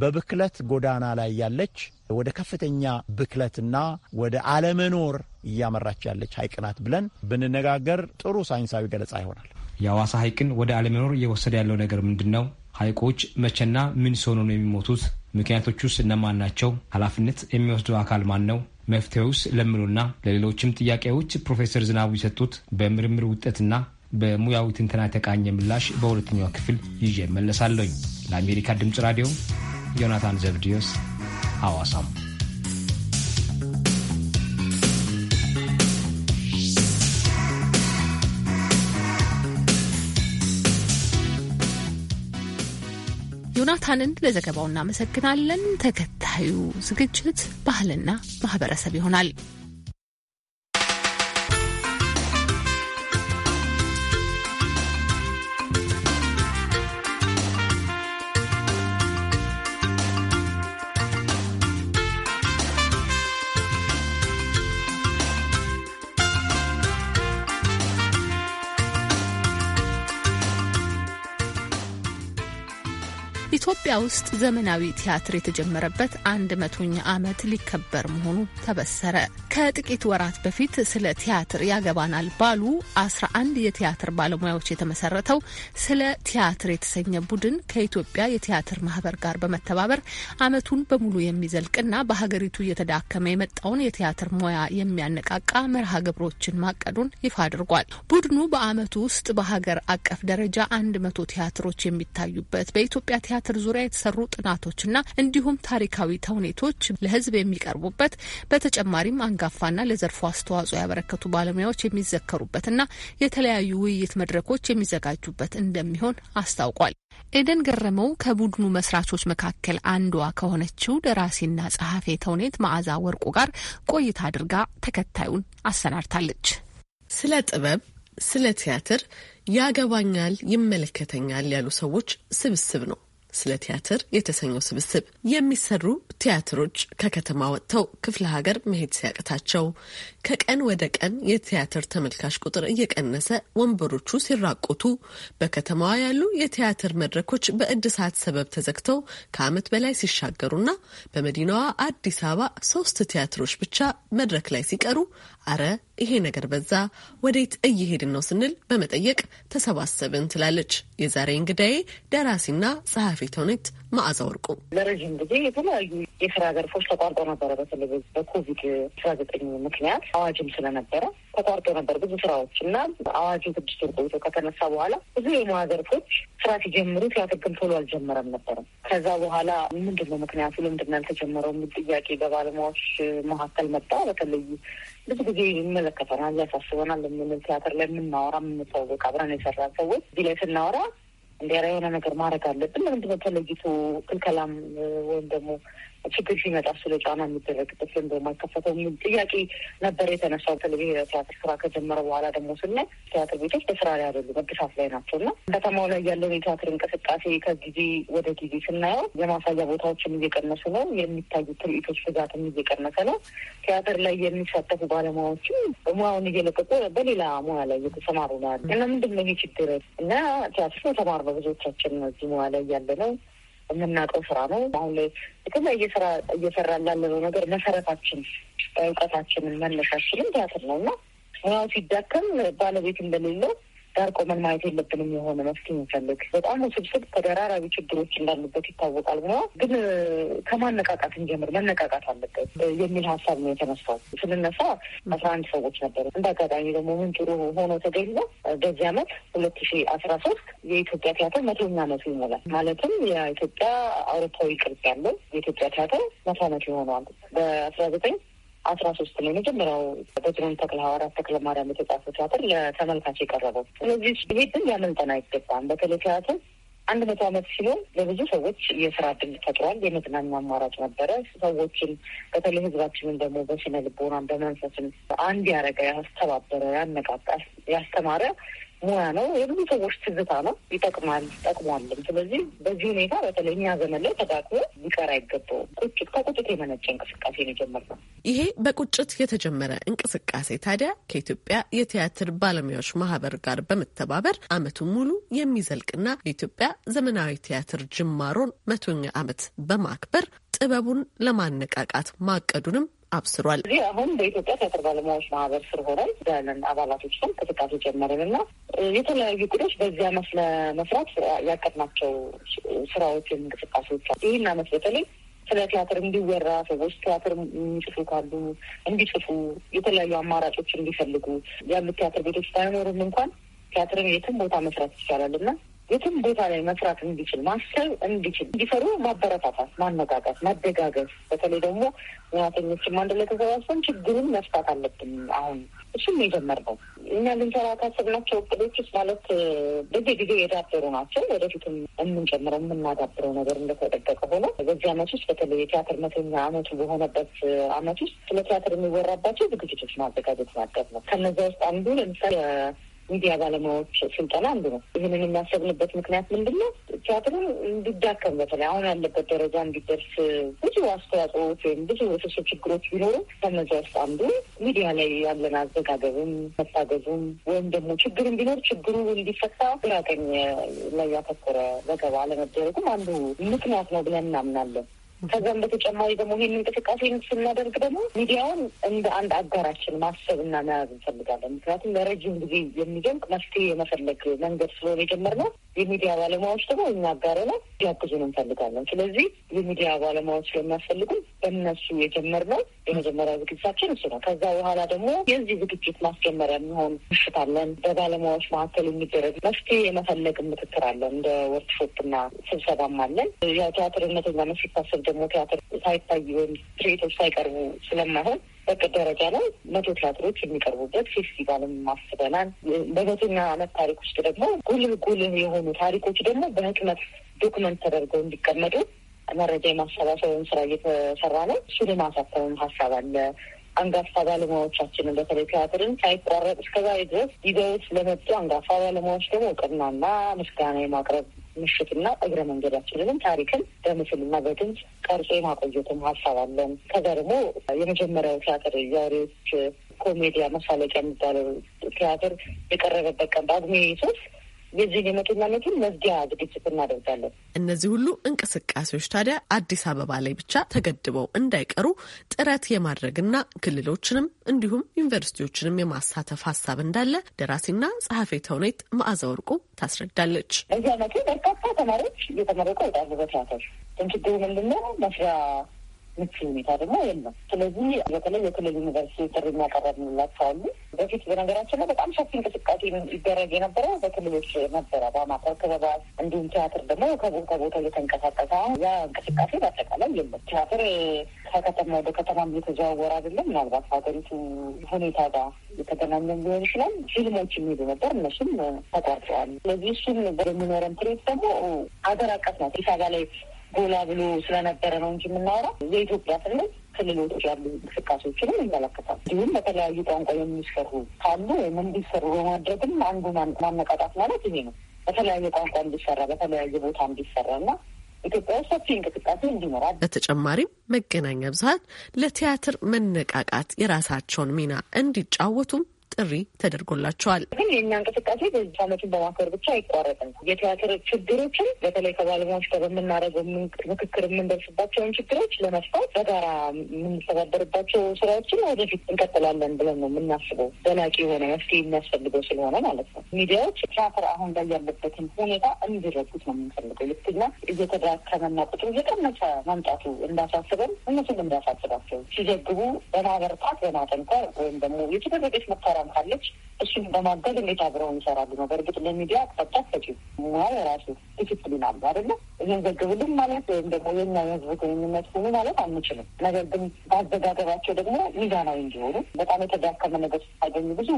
በብክለት ጎዳና ላይ ያለች ወደ ከፍተኛ ብክለትና ወደ አለመኖር እያመራች ያለች ሐይቅ ናት ብለን ብንነጋገር ጥሩ ሳይንሳዊ ገለጻ ይሆናል። የአዋሳ ሐይቅን ወደ አለመኖር እየወሰደ ያለው ነገር ምንድን ነው? ሐይቆች መቼና ምን ሲሆኑ ነው የሚሞቱት? ምክንያቶቹስ እነማን ናቸው? ኃላፊነት የሚወስደው አካል ማን ነው? መፍትሄውስ ለምኑና ለሌሎችም ጥያቄዎች ፕሮፌሰር ዝናቡ የሰጡት በምርምር ውጤትና በሙያዊ ትንተና የተቃኘ ምላሽ በሁለተኛው ክፍል ይዤ መለሳለኝ። ለአሜሪካ ድምፅ ራዲዮ ዮናታን ዘብዲዮስ ሐዋሳም ዮናታንን ለዘገባው እናመሰግናለን። ተከታዩ ዝግጅት ባህልና ማህበረሰብ ይሆናል። ኢትዮጵያ ውስጥ ዘመናዊ ቲያትር የተጀመረበት አንድ መቶኛ ዓመት ሊከበር መሆኑ ተበሰረ። ከጥቂት ወራት በፊት ስለ ቲያትር ያገባናል ባሉ አስራ አንድ የቲያትር ባለሙያዎች የተመሰረተው ስለ ቲያትር የተሰኘ ቡድን ከኢትዮጵያ የቲያትር ማህበር ጋር በመተባበር ዓመቱን በሙሉ የሚዘልቅና በሀገሪቱ እየተዳከመ የመጣውን የቲያትር ሙያ የሚያነቃቃ መርሃ ግብሮችን ማቀዱን ይፋ አድርጓል። ቡድኑ በዓመቱ ውስጥ በሀገር አቀፍ ደረጃ አንድ መቶ ቲያትሮች የሚታዩበት በኢትዮጵያ ቲያትር ዙሪያ ዙሪያ የተሰሩ ጥናቶችና እንዲሁም ታሪካዊ ተውኔቶች ለህዝብ የሚቀርቡበት በተጨማሪም አንጋፋና ለዘርፉ አስተዋጽኦ ያበረከቱ ባለሙያዎች የሚዘከሩበትና የተለያዩ ውይይት መድረኮች የሚዘጋጁበት እንደሚሆን አስታውቋል። ኤደን ገረመው ከቡድኑ መስራቾች መካከል አንዷ ከሆነችው ደራሲና ጸሐፌ ተውኔት መዓዛ ወርቁ ጋር ቆይታ አድርጋ ተከታዩን አሰናድታለች። ስለ ጥበብ፣ ስለ ቲያትር ያገባኛል፣ ይመለከተኛል ያሉ ሰዎች ስብስብ ነው ስለ ቲያትር የተሰኘው ስብስብ የሚሰሩ ቲያትሮች ከከተማ ወጥተው ክፍለ ሀገር መሄድ ሲያቅታቸው ከቀን ወደ ቀን የቲያትር ተመልካች ቁጥር እየቀነሰ ወንበሮቹ ሲራቆቱ በከተማዋ ያሉ የቲያትር መድረኮች በእድሳት ሰበብ ተዘግተው ከዓመት በላይ ሲሻገሩና በመዲናዋ አዲስ አበባ ሶስት ቲያትሮች ብቻ መድረክ ላይ ሲቀሩ አረ ይሄ ነገር በዛ፣ ወዴት እየሄድን ነው ስንል በመጠየቅ ተሰባሰብን ትላለች የዛሬ እንግዳዬ ደራሲና ጸሐፊ ኃላፊ ተውኔት መዓዛ ወርቁ ለረዥም ጊዜ የተለያዩ የስራ ዘርፎች ተቋርጦ ነበረ። በተለይ በኮቪድ አስራ ዘጠኝ ምክንያት አዋጅም ስለነበረ ተቋርጦ ነበር ብዙ ስራዎች እና አዋጁ ስድስት ወር ቆይቶ ከተነሳ በኋላ ብዙ የሙያ ዘርፎች ስራ ሲጀምሩ ቲያትር ግን ቶሎ አልጀመረም ነበርም። ከዛ በኋላ ምንድን ነው ምክንያቱ ለምንድን ነው ያልተጀመረው የሚል ጥያቄ በባለሙያዎች መካከል መጣ። በተለይ ብዙ ጊዜ ይመለከተናል፣ ያሳስበናል የምንል ቲያትር ላይ የምናወራ የምንታወቅ አብረን የሰራ ሰዎች እዚህ ላይ ስናወራ እንዲያራ የሆነ ነገር ማድረግ አለብን። ለምንድን ነው ተለይቶ ክልከላም ወይም ደግሞ ችግር ሲመጣ ስለ ጫና የሚደረግበት ለምደ በማይከፈተው የሚል ጥያቄ ነበር የተነሳው። በተለይ ቲያትር ስራ ከጀመረ በኋላ ደግሞ ስናይ ቲያትር ቤቶች በስራ ላይ አይደሉ መግሳት ላይ ናቸው እና ከተማው ላይ ያለውን የቲያትር እንቅስቃሴ ከጊዜ ወደ ጊዜ ስናየው የማሳያ ቦታዎችም እየቀነሱ ነው። የሚታዩ ትርኢቶች ብዛትም እየቀነሰ ነው። ቲያትር ላይ የሚሳተፉ ባለሙያዎችም ሙያውን እየለቀቁ በሌላ ሙያ ላይ እየተሰማሩ ነው ያሉ እና ምንድን ነው ይህ ችግር እና ቲያትር ነው ተማር በብዙዎቻችን እዚህ ሙያ ላይ ያለ ነው የምናውቀው ስራ ነው። አሁን ላይ የተለያየ ስራ እየሰራ ላለነው ነገር መሰረታችን እውቀታችንን መነሻችንም ቲያትር ነው እና ሙያው ሲዳከም ባለቤት እንደሌለው ጋር ቆመን ማየት የለብንም። የሆነ መፍትሄ እንፈልግ። በጣም ውስብስብ ተደራራቢ ችግሮች እንዳሉበት ይታወቃል ብለ ግን ከማነቃቃት እንጀምር፣ መነቃቃት አለበት የሚል ሀሳብ ነው የተነሳው። ስንነሳ አስራ አንድ ሰዎች ነበሩ። እንደ አጋጣሚ ደግሞ ምን ጥሩ ሆኖ ተገኝቶ በዚህ አመት ሁለት ሺ አስራ ሶስት የኢትዮጵያ ቲያትር መቶኛ አመቱ ይሞላል። ማለትም የኢትዮጵያ አውሮፓዊ ቅርጽ ያለው የኢትዮጵያ ቲያትር መቶ አመት ይሆነዋል በአስራ ዘጠኝ አስራ ሶስት ነው የመጀመሪያው በትሩን ተክለ ሐዋርያት ተክለ ማርያም የተጻፈ ቲያትር ለተመልካች የቀረበው። ስለዚህ ይሄትን ሊያመልጠን አይገባም። በተለይ ቲያትር አንድ መቶ ዓመት ሲሆን ለብዙ ሰዎች የስራ እድል ፈጥሯል። የመዝናኛ አማራጭ ነበረ። ሰዎችን በተለይ ህዝባችንን ደግሞ በስነ ልቦናን በመንፈስን አንድ ያረገ ያስተባበረ፣ ያነቃቃል፣ ያስተማረ ሙያ ነው፣ የብዙ ሰዎች ትዝታ ነው። ይጠቅማል፣ ጠቅሟልም። ስለዚህ በዚህ ሁኔታ በተለይ እኛ ዘመን ላይ ተዳክሞ ሊቀር አይገባውም። ቁጭት ከቁጭት የመነጨ እንቅስቃሴ ነው የጀመርነው። ይሄ በቁጭት የተጀመረ እንቅስቃሴ ታዲያ ከኢትዮጵያ የቲያትር ባለሙያዎች ማህበር ጋር በመተባበር አመቱን ሙሉ የሚዘልቅና የኢትዮጵያ ዘመናዊ ቲያትር ጅማሮን መቶኛ አመት በማክበር ጥበቡን ለማነቃቃት ማቀዱንም አብስሯል። እዚህ አሁን በኢትዮጵያ ቲያትር ባለሙያዎች ማህበር ስር ሆነን ያለን አባላቶች ስም እንቅስቃሴ ጀመርን እና የተለያዩ እቅዶች በዚህ አመት ለመስራት ያቀድናቸው ስራዎች ወይም እንቅስቃሴዎች አሉ። ይህን አመት በተለይ ስለ ቲያትር እንዲወራ ሰዎች ቲያትር የሚጽፉ ካሉ እንዲጽፉ፣ የተለያዩ አማራጮች እንዲፈልጉ ያሉት ቲያትር ቤቶች ባይኖሩም እንኳን ቲያትርን የትም ቦታ መስራት ይቻላል እና የትም ቦታ ላይ መስራት እንዲችል ማሰብ እንዲችል እንዲሰሩ ማበረታታት፣ ማነጋጋት፣ መደጋገፍ በተለይ ደግሞ ሙያተኞችም አንድ ላይ ተሰባስበን ችግሩን መፍታት አለብን። አሁን እሱም የጀመርነው እኛ ልንሰራ ካሰብናቸው እቅዶች ውስጥ ማለት ጊዜ የዳበሩ ናቸው። ወደፊትም የምንጨምረው የምናዳብረው ነገር እንደተጠበቀ ሆኖ በዚህ አመት ውስጥ በተለይ የቲያትር መተኛ አመቱ በሆነበት አመት ውስጥ ስለ ቲያትር የሚወራባቸው ዝግጅቶች ማዘጋጀት ማቀድ ነው። ከነዚያ ውስጥ አንዱ ለምሳሌ ሚዲያ ባለሙያዎች ስልጠና አንዱ ነው። ይህንን የሚያሰብንበት ምክንያት ምንድን ነው? ቲያትሩን እንዲዳከም በተለይ አሁን ያለበት ደረጃ እንዲደርስ ብዙ አስተዋጽኦዎች ወይም ብዙ ውስብስብ ችግሮች ቢኖሩ ከነዚ ውስጥ አንዱ ሚዲያ ላይ ያለን አዘጋገብም መታገዙም ወይም ደግሞ ችግርም ቢኖር ችግሩ እንዲፈታ ግራቀኝ ላይ ያተኮረ ዘገባ አለመደረጉም አንዱ ምክንያት ነው ብለን እናምናለን። ከዛም በተጨማሪ ደግሞ ይህን እንቅስቃሴ ስናደርግ ደግሞ ሚዲያውን እንደ አንድ አጋራችን ማሰብ እና መያዝ እንፈልጋለን። ምክንያቱም ለረጅም ጊዜ የሚደንቅ መፍትሄ የመፈለግ መንገድ ስለሆነ የጀመርነው የሚዲያ ባለሙያዎች ደግሞ እኛ አጋር ነው ሊያግዙን እንፈልጋለን። ስለዚህ የሚዲያ ባለሙያዎች ስለሚያስፈልጉ በእነሱ የጀመርነው የመጀመሪያ ዝግጅታችን እሱ ነው። ከዛ በኋላ ደግሞ የዚህ ዝግጅት ማስጀመሪያ የሚሆን ምሽት አለን። በባለሙያዎች መካከል የሚደረግ መፍትሄ የመፈለግ ምክክር አለን። እንደ ወርክሾፕ እና ስብሰባም አለን። ያው ቲያትር እውነተኛ ታስብ ደግሞ ቲያትር ሳይታይ ወይም ትርኢቶች ሳይቀርቡ ስለማይሆን በቅድ ደረጃ ላይ መቶ ቲያትሮች የሚቀርቡበት ፌስቲቫልም ማስበናል። በመቶኛ ዓመት ታሪክ ውስጥ ደግሞ ጉልህ ጉልህ የሆኑ ታሪኮች ደግሞ በህትመት ዶክመንት ተደርገው እንዲቀመጡ መረጃ የማሰባሰብን ስራ እየተሰራ ነው። እሱን የማሳተምም ሀሳብ አለ። አንጋፋ ባለሙያዎቻችንን በተለይ ቲያትርን ሳይቋረጥ እስከዛ ድረስ ይዘውት ለመጡ አንጋፋ ባለሙያዎች ደግሞ እውቅናና ምስጋና የማቅረብ ምሽትና እግረ መንገዳችንንም ታሪክን በምስልና በድምፅ ቀርጾ የማቆየትም ሀሳብ አለን። ከዛ ደግሞ የመጀመሪያው ቲያትር የዛሬዎች ኮሜዲያ መሳለቂያ የሚባለው ቲያትር የቀረበበት ቀን በጳጉሜ ሶስት የዚህ የመጪው ዓመቱን መዝጊያ ዝግጅት እናደርጋለን። እነዚህ ሁሉ እንቅስቃሴዎች ታዲያ አዲስ አበባ ላይ ብቻ ተገድበው እንዳይቀሩ ጥረት የማድረግና ክልሎችንም እንዲሁም ዩኒቨርሲቲዎችንም የማሳተፍ ሀሳብ እንዳለ ደራሲና ጸሐፌ ተውኔት መዓዛ ወርቁ ታስረዳለች። እዚህ ዓመቱ በርካታ ተማሪዎች እየተመረቁ ይወጣሉ። በትያተር ግን ችግሩ ምንድነው መስሪያ ምቹ ሁኔታ ደግሞ የለም። ስለዚህ በተለይ የክልል ዩኒቨርሲቲ ጥሪ የሚያቀረብንላቸው አሉ። በፊት በነገራችን ላይ በጣም ሰፊ እንቅስቃሴ ይደረግ የነበረው በክልሎች ነበረ። በአማተር ክበባት፣ እንዲሁም ቲያትር ደግሞ ከቦታ ቦታ እየተንቀሳቀሰ አሁን ያ እንቅስቃሴ በአጠቃላይ የለም። ቲያትር ከከተማ ወደ ከተማ እየተዘዋወረ አይደለም። ምናልባት ሀገሪቱ ሁኔታ ጋር የተገናኘ ሊሆን ይችላል። ፊልሞች የሚሄዱ ነበር፣ እነሱም ተቋርጠዋል። ስለዚህ እሱም በሚኖረን ትሬት ደግሞ ሀገር አቀፍ ነው አዲስ አበባ ላይ ጎላ ብሎ ስለነበረ ነው እንጂ የምናወራው የኢትዮጵያ ክልል ክልሎች ያሉ እንቅስቃሴዎችንም ይመለከታል። እንዲሁም በተለያዩ ቋንቋ የሚሰሩ ካሉ ወይም እንዲሰሩ በማድረግም አንዱ ማነቃጣት ማለት ይሄ ነው። በተለያየ ቋንቋ እንዲሰራ፣ በተለያየ ቦታ እንዲሰራ እና ኢትዮጵያ ውስጥ ሰፊ እንቅስቃሴ እንዲኖራል። በተጨማሪም መገናኛ ብዙኃን ለቲያትር መነቃቃት የራሳቸውን ሚና እንዲጫወቱም ጥሪ ተደርጎላቸዋል። ግን የእኛ እንቅስቃሴ በዚህ ዓመቱን በማክበር ብቻ አይቋረጥም። የቲያትር ችግሮችን በተለይ ከባለሙያዎች ጋር በምናደርገው ምክክር የምንደርስባቸውን ችግሮች ለመፍታት በጋራ የምንተባበርባቸው ስራዎችን ወደፊት እንቀጥላለን ብለን ነው የምናስበው። ዘላቂ የሆነ መፍትሄ የሚያስፈልገው ስለሆነ ማለት ነው። ሚዲያዎች ቲያትር አሁን ላይ ያለበትን ሁኔታ እንዲረጉት ነው የምንፈልገው። ልክና እየተዳከመና ቁጥሩ እየቀነሰ መምጣቱ እንዳሳስበን እነሱም እንዳሳስባቸው ሲዘግቡ በማበርታት በማጠንከር ወይም ደግሞ የተደረገች መከራ ፕሮግራም ካለች እሱን በማገድ እንዴት አብረውን ይሰራሉ ነው። በእርግጥ ለሚዲያ አቅጣጫ ሰጪ ሙያ የራሱ ዲስፕሊን አሉ አደለ? ይህን ልንዘግብልን ማለት ወይም ደግሞ የኛ የህዝብ ግንኙነት ሆኑ ማለት አንችልም። ነገር ግን በአዘጋገባቸው ደግሞ ሚዛናዊ እንዲሆኑ በጣም የተዳከመ ነገር ስታገኙ ብዙ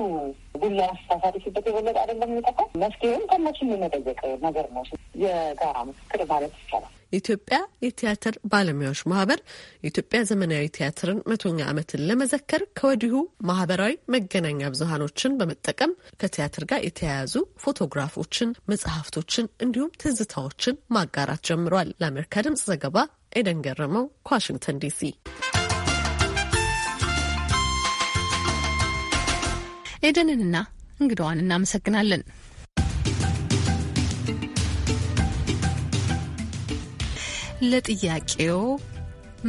ጉላ አስተሳሳሪ ሲበት የበለጠ አደለም የሚጠፋ መፍትሄም ከነሱ የመጠየቅ ነገር ነው። የጋራ ምክክር ማለት ይቻላል። የኢትዮጵያ የቲያትር ባለሙያዎች ማህበር የኢትዮጵያ ዘመናዊ ቲያትርን መቶኛ ዓመትን ለመዘከር ከወዲሁ ማህበራዊ መገናኛ ብዙሃኖችን በመጠቀም ከቲያትር ጋር የተያያዙ ፎቶግራፎችን፣ መጽሐፍቶችን እንዲሁም ትዝታዎችን ማጋራት ጀምሯል። ለአሜሪካ ድምጽ ዘገባ ኤደን ገረመው ከዋሽንግተን ዲሲ። ኤደንንና እንግዳዋን እናመሰግናለን። ለጥያቄው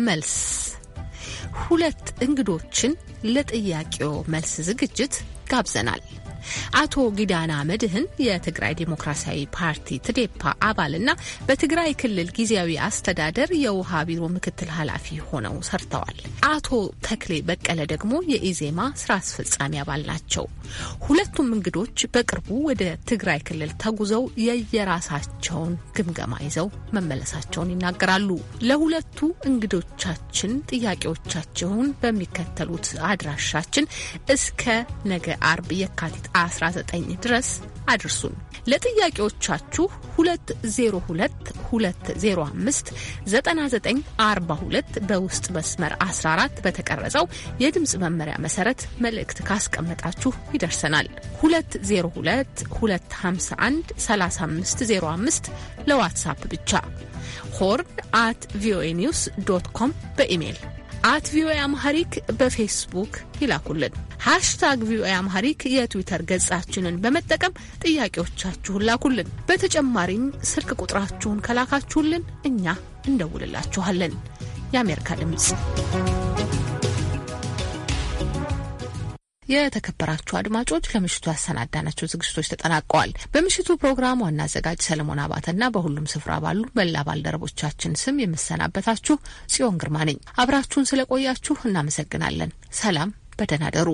መልስ ሁለት እንግዶችን ለጥያቄዎ መልስ ዝግጅት ጋብዘናል። አቶ ጊዳና መድህን የትግራይ ዴሞክራሲያዊ ፓርቲ ትዴፓ አባልና በትግራይ ክልል ጊዜያዊ አስተዳደር የውሃ ቢሮ ምክትል ኃላፊ ሆነው ሰርተዋል። አቶ ተክሌ በቀለ ደግሞ የኢዜማ ስራ አስፈጻሚ አባል ናቸው። ሁለቱም እንግዶች በቅርቡ ወደ ትግራይ ክልል ተጉዘው የየራሳቸውን ግምገማ ይዘው መመለሳቸውን ይናገራሉ። ለሁለቱ እንግዶቻችን ጥያቄዎቻቸውን በሚከተሉት አድራሻችን እስከ ነገ አርብ የካቲት 19 ድረስ አድርሱን። ለጥያቄዎቻችሁ 2022059942 በውስጥ መስመር 14 በተቀረጸው የድምፅ መመሪያ መሰረት መልእክት ካስቀመጣችሁ ይደርሰናል። 2022513505 ለዋትሳፕ ብቻ ሆርን አት ቪኦኤ ኒውስ ዶት ኮም በኢሜይል አት ቪኦኤ አምሃሪክ በፌስቡክ ይላኩልን። ሃሽታግ ቪኦኤ አምሃሪክ የትዊተር ገጻችንን በመጠቀም ጥያቄዎቻችሁን ላኩልን። በተጨማሪም ስልክ ቁጥራችሁን ከላካችሁልን እኛ እንደውልላችኋለን። የአሜሪካ ድምጽ የተከበራችሁ አድማጮች ለምሽቱ ያሰናዳናቸው ዝግጅቶች ተጠናቀዋል። በምሽቱ ፕሮግራም ዋና አዘጋጅ ሰለሞን አባተና በሁሉም ስፍራ ባሉ መላ ባልደረቦቻችን ስም የምሰናበታችሁ ጽዮን ግርማ ነኝ። አብራችሁን ስለቆያችሁ እናመሰግናለን። ሰላም፣ በደህና ደሩ።